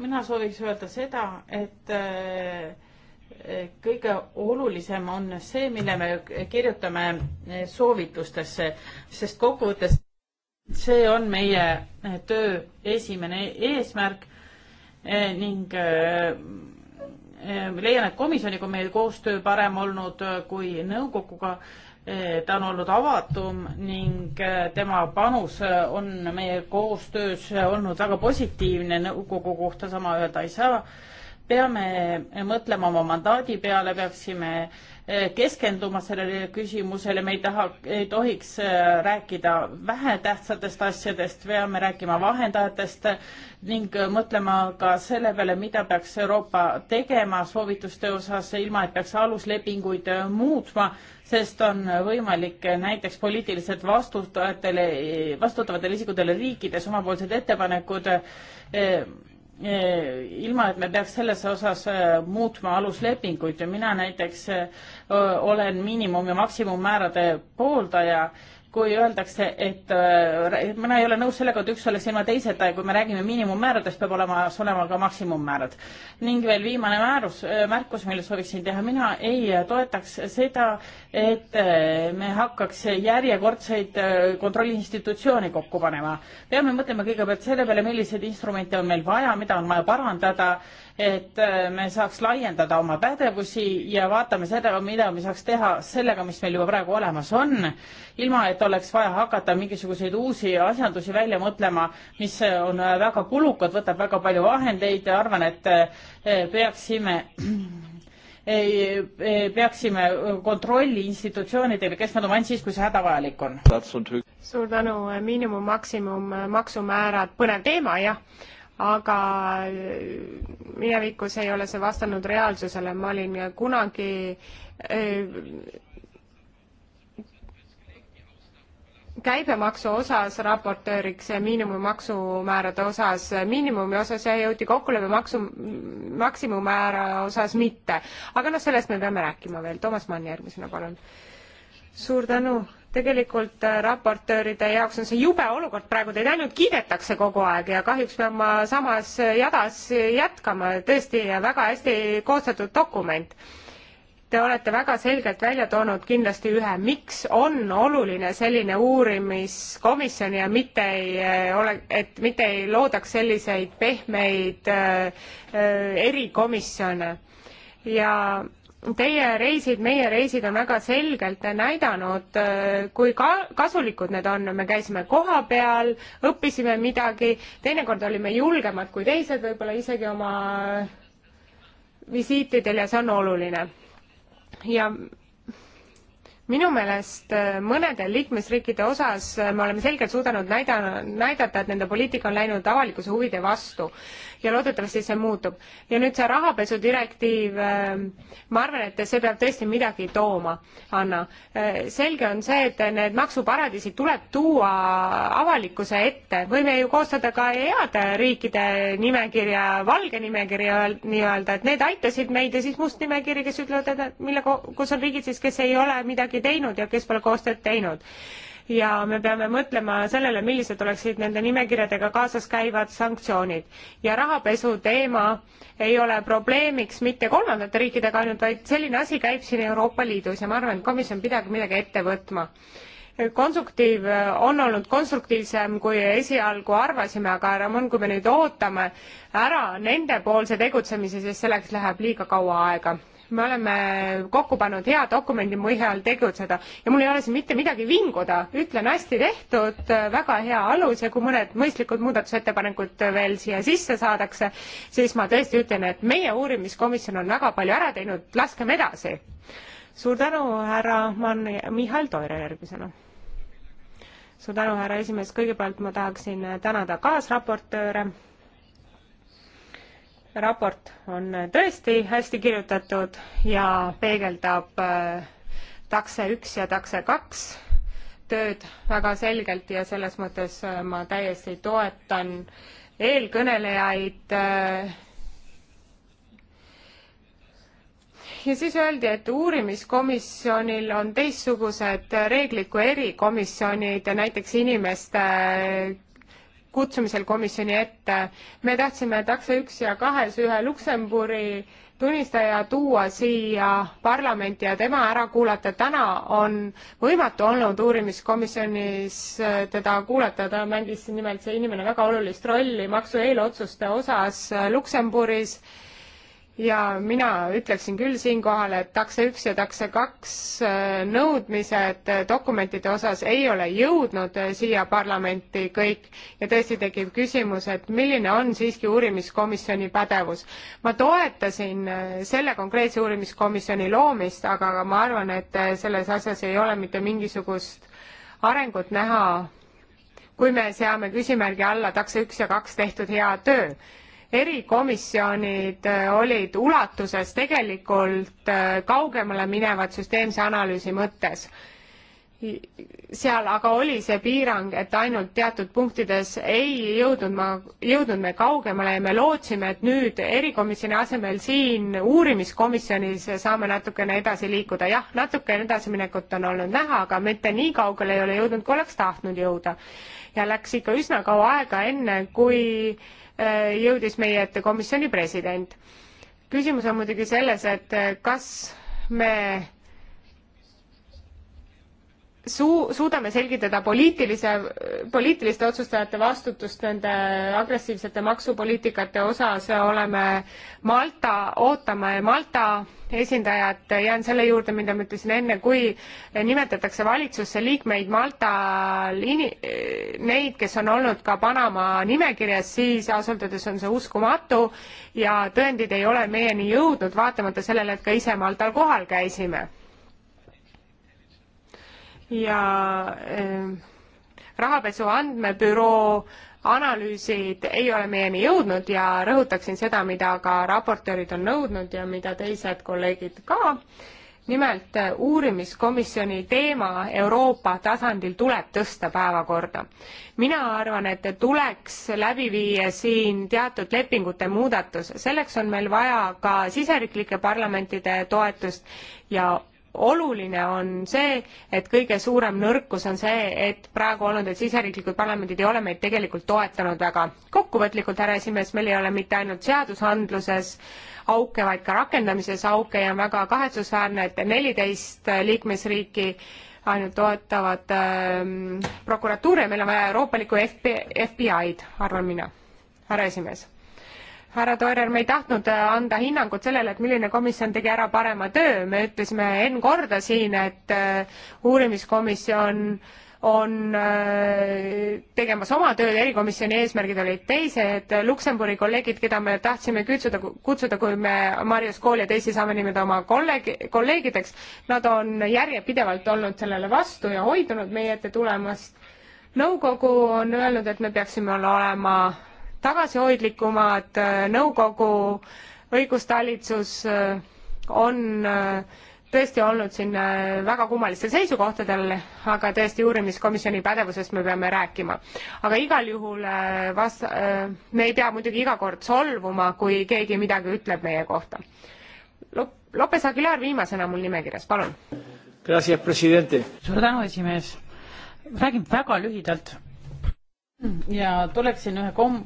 mina sooviks öelda seda, et äh, kõige olulisem on see, mille me kirjutame äh, soovitustesse, sest kokkuvõttes see on meie äh, töö esimene eesmärk ning leian, et komisjoniga on meil koostöö parem olnud kui nõukoguga Eh, ta on olnud avatum ning eh, tema panus eh, on meie koostöös olnud väga positiivne, nõukogu kohta sama öelda ei saa. peame mõtlema oma mandaadi peale, peaksime keskenduma sellele küsimusele, me ei taha, ei tohiks äh, rääkida vähetähtsatest asjadest, peame rääkima vahendajatest ning mõtlema ka selle peale, mida peaks Euroopa tegema soovituste osas, ilma et peaks aluslepinguid äh, muutma, sest on võimalik näiteks poliitiliselt vastutajatele, vastutavatele isikutele riikides omapoolsed ettepanekud äh, ilma, et me peaks selles osas muutma aluslepinguid ja mina näiteks olen miinimum- ja maksimummäärade pooldaja, kui öeldakse, et mina ei ole nõus sellega, et üks oleks ilma teiseta ja kui me räägime miinimummääradest, peab olema, olema ka maksimummäärad. ning veel viimane määrus, märkus, mille sooviksin teha, mina ei toetaks seda, et me hakkaks järjekordseid kontrolliinstitutsioone kokku panema. peame mõtlema kõigepealt selle peale, milliseid instrumente on meil vaja, mida on vaja parandada et äh, me saaks laiendada oma pädevusi ja vaatame seda, mida me saaks teha sellega, mis meil juba praegu olemas on, ilma et oleks vaja hakata mingisuguseid uusi asjandusi välja mõtlema, mis äh, on äh, väga kulukad, võtab väga palju vahendeid ja arvan, et peaksime ei, peaksime kontrolli institutsioonidele, kes nad on ainult siis, kui see hädavajalik on. suur tänu, miinimum, maksimum, maksumäärad, põnev teema, jah aga minevikus ei ole see vastanud reaalsusele, ma olin kunagi äh, käibemaksu osas raportööriks ja miinimummaksumäärade osas, miinimumi osas jah, jõuti kokkuleppe maksu, maksimummäära osas mitte. aga noh, sellest me peame rääkima veel, Toomas Mann järgmisena, palun. suur tänu tegelikult äh, raportööride jaoks on see jube olukord praegu, teid ainult kiidetakse kogu aeg ja kahjuks pean ma samas äh, jadas äh, jätkama, tõesti väga hästi koostatud dokument. Te olete väga selgelt välja toonud kindlasti ühe, miks on oluline selline uurimiskomisjon ja mitte ei ole, et mitte ei loodaks selliseid pehmeid äh, erikomisjone ja Teie reisid, meie reisid on väga selgelt näidanud, äh, kui ka-, kasulikud need on, me käisime koha peal, õppisime midagi, teinekord olime julgemad kui teised võib-olla isegi oma äh, visiitidel ja see on oluline. ja minu meelest äh, mõnede liikmesriikide osas äh, me oleme selgelt suudanud näida, näidata, et nende poliitika on läinud avalikkuse huvide vastu ja loodetavasti see muutub. ja nüüd see rahapesudirektiiv, äh, ma arvan, et see peab tõesti midagi tooma, Anna. selge on see, et need maksuparadiisid tuleb tuua avalikkuse ette, võime ju koostada ka heade riikide nimekirja, valge nimekirja nii-öelda, et need aitasid meid ja siis must nimekiri, kes ütlevad, et mille, kus on riigid siis, kes ei ole midagi projekti teinud ja kes pole koostööd teinud ja me peame mõtlema sellele, millised oleksid nende nimekirjadega kaasas käivad sanktsioonid. ja rahapesu teema ei ole probleemiks mitte kolmandate riikidega ainult, vaid selline asi käib siin Euroopa Liidus ja ma arvan, et komisjon pidagi midagi ette võtma. konstruktiiv on olnud konstruktiivsem, kui esialgu arvasime, aga Ramon, kui me nüüd ootame ära nendepoolse tegutsemise, siis selleks läheb liiga kaua aega me oleme kokku pannud hea dokumendi põhjal tegutseda ja mul ei ole siin mitte midagi vinguda, ütlen hästi tehtud, väga hea alus ja kui mõned mõistlikud muudatusettepanekud veel siia sisse saadakse, siis ma tõesti ütlen, et meie uurimiskomisjon on väga palju ära teinud, laskem edasi. suur tänu, härra Mann, Mihhail Toire järgmisena suur tänu, härra esimees, kõigepealt ma tahaksin tänada kaasraportööre raport on tõesti hästi kirjutatud ja peegeldab äh, takse üks ja takse kaks tööd väga selgelt ja selles mõttes äh, ma täiesti toetan eelkõnelejaid. Äh. ja siis öeldi, et uurimiskomisjonil on teistsugused reeglid kui erikomisjonid, näiteks inimeste kutsumisel komisjoni ette. me tahtsime takso üks ja kahes ühe Luksemburi tunnistaja tuua siia parlamenti ja tema ära kuulata. täna on võimatu olnud uurimiskomisjonis teda kuulata, ta mängis nimelt see inimene väga olulist rolli maksu eelotsuste osas Luksemburis ja mina ütleksin küll siinkohal, et takse üks ja takse kaks äh, nõudmised äh, dokumentide osas ei ole jõudnud äh, siia parlamenti kõik ja tõesti tekib küsimus, et milline on siiski uurimiskomisjoni pädevus. ma toetasin selle konkreetse uurimiskomisjoni loomist, aga ma arvan, et selles asjas ei ole mitte mingisugust arengut näha, kui me seame küsimärgi alla takse üks ja kaks tehtud hea töö erikomisjonid äh, olid ulatuses tegelikult äh, kaugemale minevad süsteemse analüüsi mõttes. seal aga oli see piirang, et ainult teatud punktides ei jõudnud ma, jõudnud me kaugemale ja me lootsime, et nüüd erikomisjoni asemel siin uurimiskomisjonis saame natukene edasi liikuda. jah, natukene edasiminekut on olnud näha, aga mitte nii kaugele ei ole jõudnud, kui oleks tahtnud jõuda. ja läks ikka üsna kaua aega, enne kui äh, Äh, jõudis meie ette komisjoni president. küsimus on muidugi selles, et äh, kas me suu-, suudame selgitada poliitilise, poliitiliste otsustajate vastutust nende agressiivsete maksupoliitikate osas, oleme Malta, ootame Malta esindajat, jään selle juurde, mida ma ütlesin enne, kui nimetatakse valitsusse liikmeid Maltal, neid, kes on olnud ka Panama nimekirjas, siis ausalt öeldes on see uskumatu ja tõendid ei ole meieni jõudnud, vaatamata sellele, et ka ise Maltal kohal käisime ja ähm, rahapesu andmebüroo analüüsid ei ole meieni jõudnud ja rõhutaksin seda, mida ka raportöörid on nõudnud ja mida teised kolleegid ka. nimelt äh, uurimiskomisjoni teema Euroopa tasandil tuleb tõsta päevakorda. mina arvan, et tuleks läbi viia siin teatud lepingute muudatus, selleks on meil vaja ka siseriiklike parlamentide toetust ja oluline on see, et kõige suurem nõrkus on see, et praegu olnud, et siseriiklikud parlamendid ei ole meid tegelikult toetanud väga. kokkuvõtlikult, härra esimees, meil ei ole mitte ainult seadusandluses auke, vaid ka rakendamises auke ja on väga kahetsusväärne, et neliteist liikmesriiki ainult toetavad ähm, prokuratuuri ja meil on vaja euroopalikku FB, FBI-d, arvan mina, härra esimees härra Toirer, me ei tahtnud äh, anda hinnangut sellele, et milline komisjon tegi ära parema töö, me ütlesime N korda siin, et äh, uurimiskomisjon on äh, tegemas oma tööd, erikomisjoni eesmärgid olid teised, Luksemburi kolleegid, keda me tahtsime kutsuda, kutsuda, kui me Marius Kool ja teisi saame nimetada oma kolleeg, kolleegideks, nad on järjepidevalt olnud sellele vastu ja hoidunud meie ette tulemast. nõukogu on öelnud, et me peaksime olema tagasihoidlikumad, äh, nõukogu õigustalitsus äh, on äh, tõesti olnud siin väga kummalistel seisukohtadel, aga tõesti uurimiskomisjoni pädevusest me peame rääkima. aga igal juhul vast-, me ei pea muidugi iga kord solvuma, kui keegi midagi ütleb meie kohta. Lopes Aguilar viimasena mul nimekirjas, palun. suur tänu, esimees. räägin väga lühidalt ja tuleksin ühe kom-,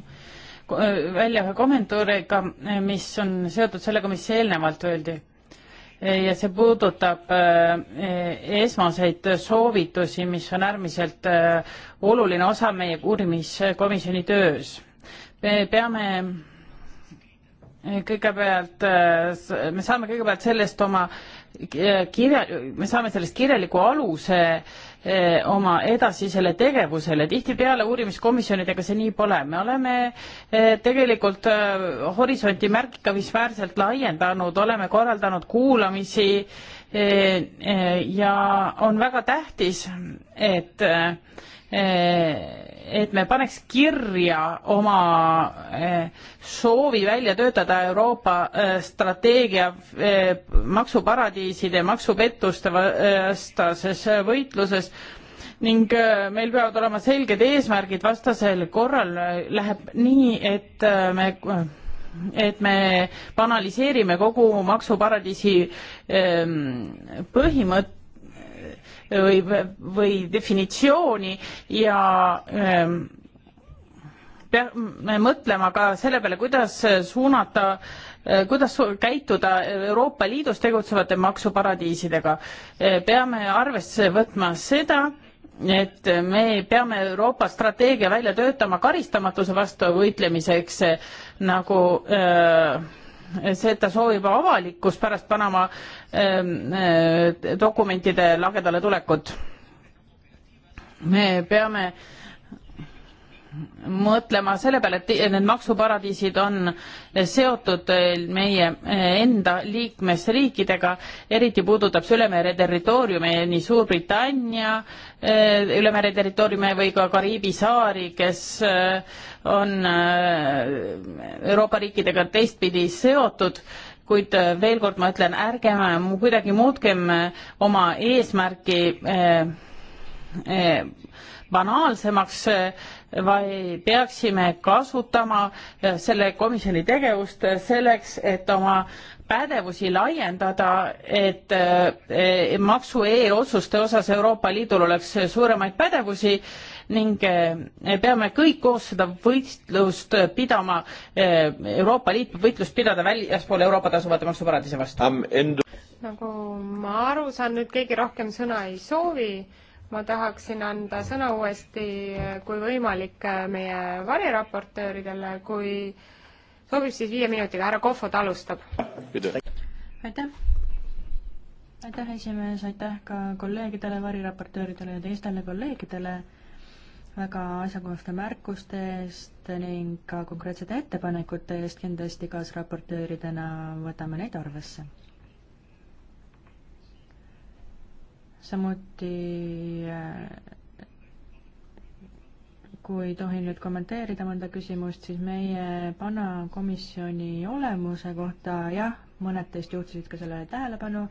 Äh, välja ühe kommentaariga, äh, mis on seotud sellega, mis eelnevalt öeldi. Äh, ja see puudutab esmaseid soovitusi, mis on äärmiselt oluline osa meie uurimiskomisjoni töös. me peame kõigepealt, me saame kõigepealt sellest oma kirja, me saame sellest kirjaliku aluse äh, Eh, oma edasisele tegevusele. tihtipeale uurimiskomisjonidega see nii pole. me oleme eh, tegelikult eh, horisonti märkimisväärselt laiendanud, oleme korraldanud kuulamisi Eh, eh, ja on väga tähtis, et, eh, et me paneks kirja oma soovi välja töötada Euroopa strateegia maksuparadiiside, maksupettuste vastases võitluses ning meil peavad olema selged eesmärgid, vastasel korral läheb nii, et me et me banaliseerime kogu maksuparadiisi ehm, põhimõtte või, või definitsiooni ja ehm, peame mõtlema ka selle peale, kuidas suunata, eh, kuidas käituda Euroopa Liidus tegutsevate maksuparadiisidega. Eh, peame arvesse võtma seda, et me peame Euroopa strateegia välja töötama karistamatuse vastu võitlemiseks, nagu äh, seda soovib avalikkus pärast Panama ähm, äh, dokumentide lagedale tulekut. me peame äh, mõtlema selle peale, et need maksuparadiisid on seotud eh, meie eh, enda liikmesriikidega, eriti puudutab see ülemere territooriumi, nii Suurbritannia eh, ülemere territooriumi või ka Kariibi saari, kes on Euroopa riikidega teistpidi seotud kuid veel kord ma ütlen, ärgem kuidagi muutkem oma eesmärki eh, eh, banaalsemaks, eh, vaid peaksime kasutama eh, selle komisjoni tegevust eh, selleks, et oma pädevusi laiendada, et maksu e-otsuste osas Euroopa Liidul oleks suuremaid pädevusi ning peame kõik koos seda võitlust pidama, Euroopa Liit peab võitlust pidada väljaspool Euroopat asuvate maksuparadiise vastu. nagu ma aru saan, nüüd keegi rohkem sõna ei soovi ma tahaksin anda sõna uuesti, kui võimalik, meie variraportööridele, kui sobib, siis viie minutiga, härra Kohvod alustab. aitäh! aitäh, esimees, aitäh ka kolleegidele, variraportööridele ja teistele kolleegidele väga asjakohaste märkuste eest ning ka konkreetsete ettepanekute eest, kindlasti kaasraportööridena võtame neid arvesse samuti äh, kui tohin nüüd kommenteerida mõnda küsimust, siis meie pana komisjoni olemuse kohta jah, mõned teist juhtisid ka sellele tähelepanu,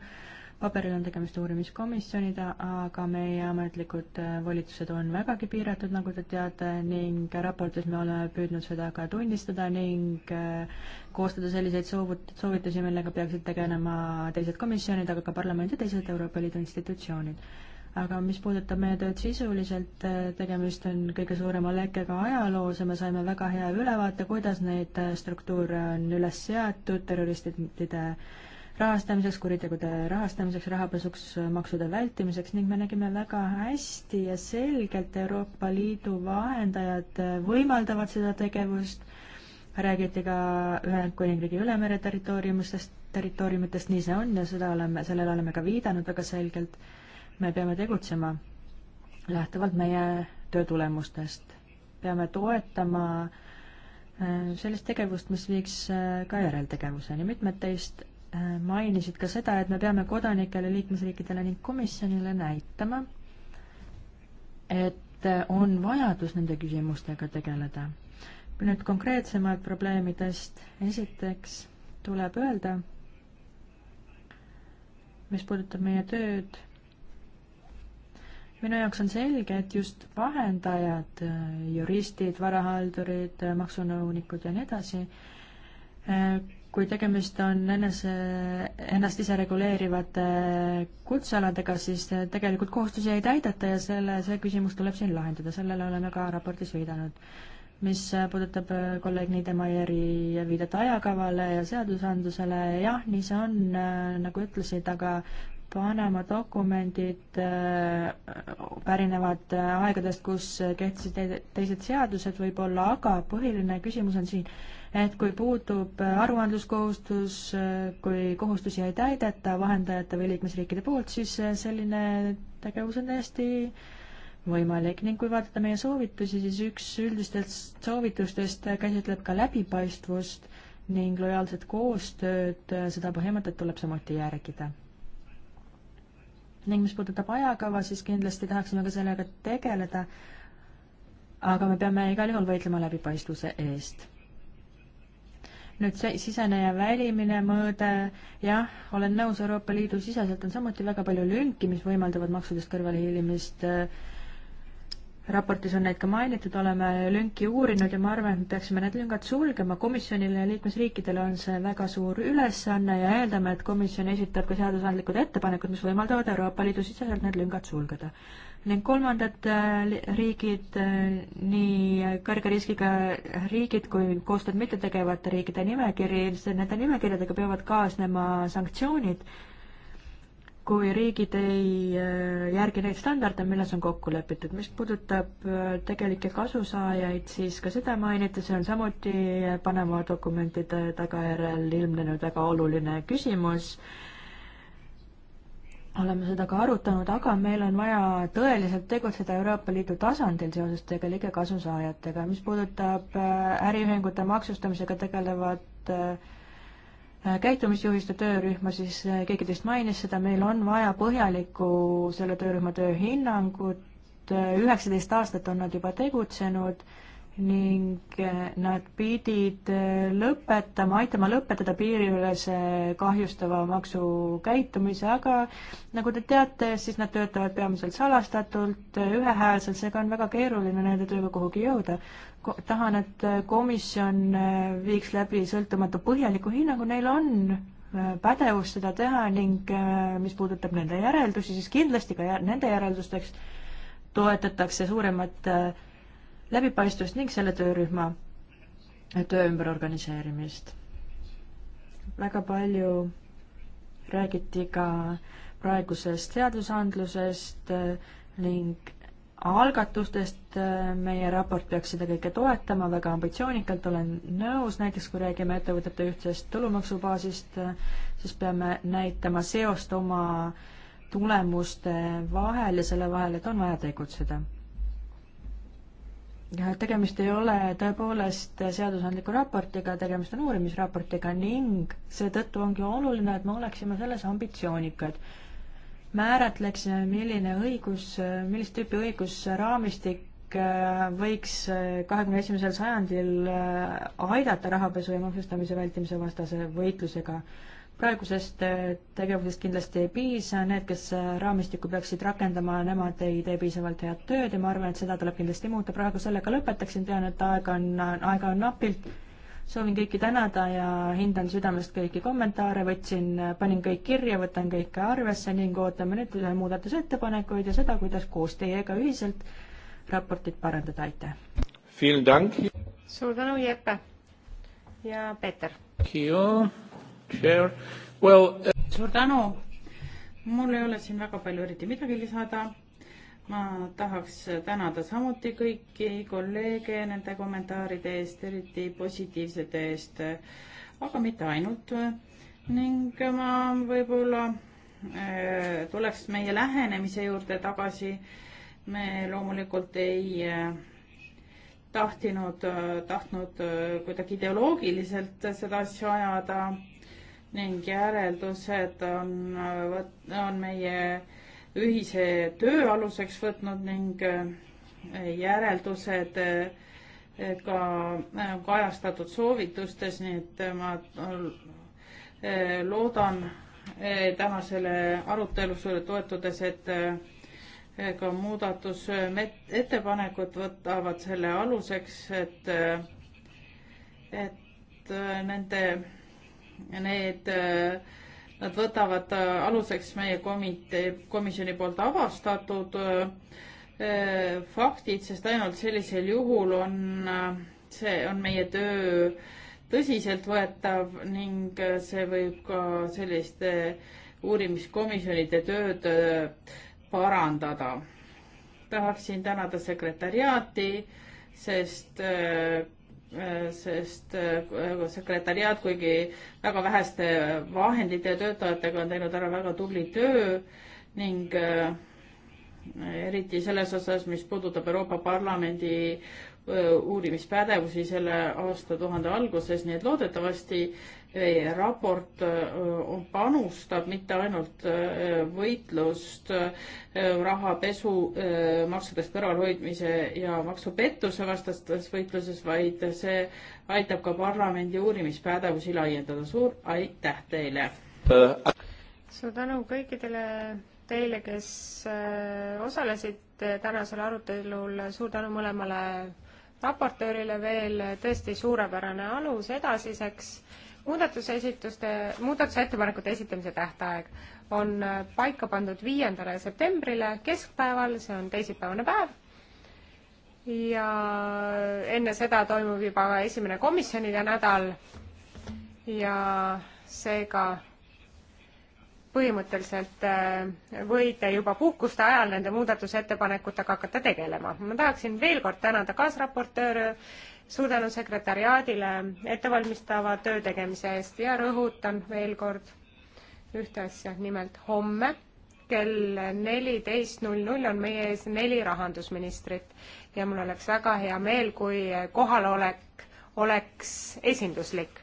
paberil on tegemist uurimiskomisjonide, aga meie ametlikud äh, volitused on vägagi piiratud, nagu te teate, ning raportis me oleme püüdnud seda ka tunnistada ning äh, koostada selliseid soovut-, soovitusi, millega peaksid tegelema teised komisjonid, aga ka parlament ja teised Euroopa Liidu institutsioonid. aga mis puudutab meie tööd sisuliselt, äh, tegemist on kõige suurema lekkega ajaloos ja me saime väga hea ülevaate, kuidas neid struktuure on üles seatud terroristide rahastamiseks, kuritegude rahastamiseks, rahapesuks, maksude vältimiseks ning me nägime väga hästi ja selgelt Euroopa Liidu vahendajad võimaldavad seda tegevust, räägiti ka Ühendkuningriigi ülemere territooriumistest, territooriumitest, nii see on ja seda oleme, sellele oleme ka viidanud väga selgelt, me peame tegutsema lähtuvalt meie töö tulemustest. peame toetama äh, sellist tegevust, mis viiks äh, ka järeltegevuseni. mitmed teist Äh, mainisid ka seda, et me peame kodanikele, liikmesriikidele ning komisjonile näitama, et äh, on vajadus nende küsimustega tegeleda. kui nüüd konkreetsemalt probleemidest, esiteks tuleb öelda, mis puudutab meie tööd, minu jaoks on selge, et just vahendajad, äh, juristid, varahaldurid, maksunõunikud ja nii edasi, kui tegemist on enese, ennast ise reguleerivate kutsealadega, siis tegelikult kohustusi ei täideta ja selle, see küsimus tuleb siin lahendada, sellele oleme ka raportis viidanud. mis puudutab kolleeg Niedemeieri viidet ajakavale ja seadusandlusele, jah, nii see on, nagu ütlesid, aga Panama dokumendid äh, pärinevad äh, aegadest, kus äh, kehtisid teised seadused võib-olla, aga põhiline küsimus on siin, et kui puudub aruandluskohustus, kui kohustusi ei täideta vahendajate või liikmesriikide poolt, siis selline tegevus on täiesti võimalik ning kui vaadata meie soovitusi, siis üks üldistest soovitustest käsitleb ka läbipaistvust ning lojaalset koostööd, seda põhimõtet tuleb samuti järgida ning mis puudutab ajakava, siis kindlasti tahaksime ka sellega tegeleda, aga me peame igal juhul võitlema läbipaistvuse eest. nüüd see sisene ja välimine mõõde, jah, olen nõus, Euroopa Liidu siseselt on samuti väga palju lünki, mis võimaldavad maksudest kõrvalehiilimist äh, raportis on neid ka mainitud, oleme lünki uurinud ja ma arvan, et me peaksime need lüngad sulgema. komisjonile ja liikmesriikidele on see väga suur ülesanne ja eeldame, et komisjon esitab ka seadusandlikud ettepanekud, mis võimaldavad Euroopa Liidu siseselt need lüngad sulgeda. ning kolmandad äh, riigid, äh, nii kõrge riskiga riigid kui koostööd mittetegevate riikide nimekiri, nende nimekirjadega peavad kaasnema sanktsioonid kui riigid ei äh, järgi neid standarde, milles on kokku lepitud. mis puudutab äh, tegelikke kasusaajaid, siis ka seda mainiti, see on samuti äh, Panama dokumentide tagajärjel ilmnenud väga oluline küsimus. oleme seda ka arutanud, aga meil on vaja tõeliselt tegutseda Euroopa Liidu tasandil seoses tegelike kasusaajatega. mis puudutab äriühingute maksustamisega tegelevat äh, käitumisjuhiste töörühma, siis eh, keegi teist mainis seda, meil on vaja põhjalikku selle töörühma tööhinnangut, eh, üheksateist aastat on nad juba tegutsenud ning eh, nad pidid eh, lõpetama, aitama lõpetada piiriülese kahjustava maksukäitumise, aga nagu te teate, siis nad töötavad peamiselt salastatult, eh, ühehäälselt, seega on väga keeruline nende tööga kuhugi jõuda. tahan, et komisjon viiks läbi sõltumatu põhjaliku hinnangu, neil on pädevus seda teha ning mis puudutab nende järeldusi, siis kindlasti ka jär, nende järeldusteks toetatakse suuremat äh, läbipaistvust ning selle töörühma töö ümberorganiseerimist. väga palju räägiti ka praegusest seadusandlusest äh, ning algatustest äh, meie raport peaks seda kõike toetama, väga ambitsioonikalt olen nõus, näiteks kui räägime ettevõtete ühtsest tulumaksubaasist, äh, siis peame näitama seost oma tulemuste vahel ja selle vahel, et on vaja tegutseda tegemist ei ole tõepoolest seadusandliku raportiga, tegemist on uurimisraportiga ning seetõttu ongi oluline, et me oleksime selles ambitsioonikad. määratleksime, milline õigus, millist tüüpi õigusraamistik äh, võiks äh, kahekümne esimesel sajandil äh, aidata rahapesu ja maksustamise vältimise vastase võitlusega praegusest äh, tegevusest kindlasti ei piisa, need, kes äh, raamistikku peaksid rakendama, nemad ei tee piisavalt head tööd ja ma arvan, et seda tuleb kindlasti muuta. praegu sellega lõpetaksin, tean, et aega on, aega on napilt. soovin kõiki tänada ja hindan südamest kõiki kommentaare, võtsin, äh, panin kõik kirja, võtan kõike arvesse ning ootame nüüd muudatusettepanekuid ja seda, kuidas koos teiega ühiselt raportit parandada, aitäh! suur tänu, Jeppe ja Peeter! Chair. Well, uh... suur tänu. mul ei ole siin väga palju eriti midagi lisada. ma tahaks tänada samuti kõiki kolleege nende kommentaaride eest, eriti positiivsete eest, aga mitte ainult. ning ma võib-olla äh, tuleks meie lähenemise juurde tagasi. me loomulikult ei äh, tahtinud, tahtnud äh, äh, kuidagi ideoloogiliselt seda asja ajada ning järeldused on, on meie ühise töö aluseks võtnud ning äh, järeldused äh, ka äh, kajastatud soovitustes, nii et ma loodan tänasele arutelusele toetudes, et ka muudatusettepanekud võtavad selle aluseks, et, et nende need, äh, nad võtavad äh, aluseks meie komitee, komisjoni poolt avastatud äh, faktid, sest ainult sellisel juhul on, see on meie töö tõsiseltvõetav ning see võib ka selliste uurimiskomisjonide tööd parandada. tahaksin tänada sekretäriaati, sest Äh, sest äh, sekretäriaat, kuigi väga väheste vahendite ja töötajatega on teinud ära väga tubli töö ning äh, eriti selles osas, mis puudutab Euroopa Parlamendi uurimispädevusi selle aastatuhande alguses, nii et loodetavasti raport äh, panustab mitte ainult äh, võitlust äh, rahapesu, maksudest kõrvalhoidmise ja maksupettuse vastastes võitluses, vaid see aitab ka parlamendi uurimispädevusi laiendada. suur aitäh teile! suur tänu kõikidele teile, kes osalesid tänasel arutelul, suur tänu mõlemale raportöörile veel, tõesti suurepärane alus edasiseks muudatusesituste, muudatusettepanekute esitamise tähtaeg on äh, paika pandud viiendale septembrile keskpäeval, see on teisipäevane päev. ja enne seda toimub juba esimene komisjonide nädal ja seega põhimõtteliselt äh, võite juba puhkuste ajal nende muudatusettepanekutega hakata tegelema. ma tahaksin veel kord tänada kaasraportööre suur tänu sekretäriaadile ettevalmistava töö tegemise eest ja rõhutan veel kord ühte asja, nimelt homme kell neliteist null null on meie ees neli rahandusministrit ja mul oleks väga hea meel, kui kohalolek oleks esinduslik.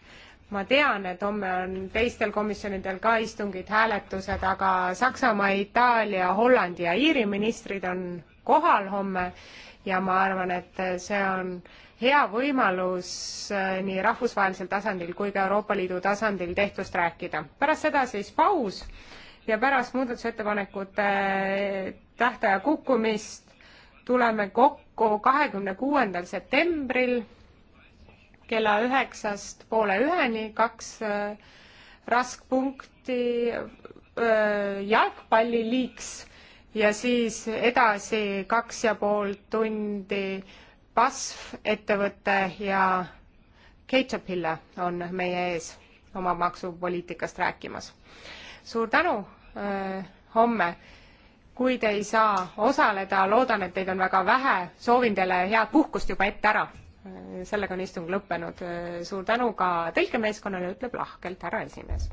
ma tean, et homme on teistel komisjonidel ka istungid, hääletused, aga Saksamaa, Itaalia, Hollandi ja Iiri ministrid on kohal homme ja ma arvan, et see on äh, hea võimalus äh, nii rahvusvahelisel tasandil kui ka Euroopa Liidu tasandil tehtust rääkida. pärast seda siis paus ja pärast muudatusettepanekute äh, tähtaja kukkumist tuleme kokku kahekümne kuuendal septembril kella üheksast poole üheni, kaks äh, raskpunkti jalgpalliliiks ja siis edasi kaks ja pool tundi BASF ettevõte ja Caterpillar on meie ees oma maksupoliitikast rääkimas. suur tänu äh,, homme! kui te ei saa osaleda, loodan, et teid on väga vähe, soovin teile head puhkust juba ette ära. Äh, sellega on istung lõppenud, äh, suur tänu ka tõlkemeeskonnale, ütleb lahkelt härra esimees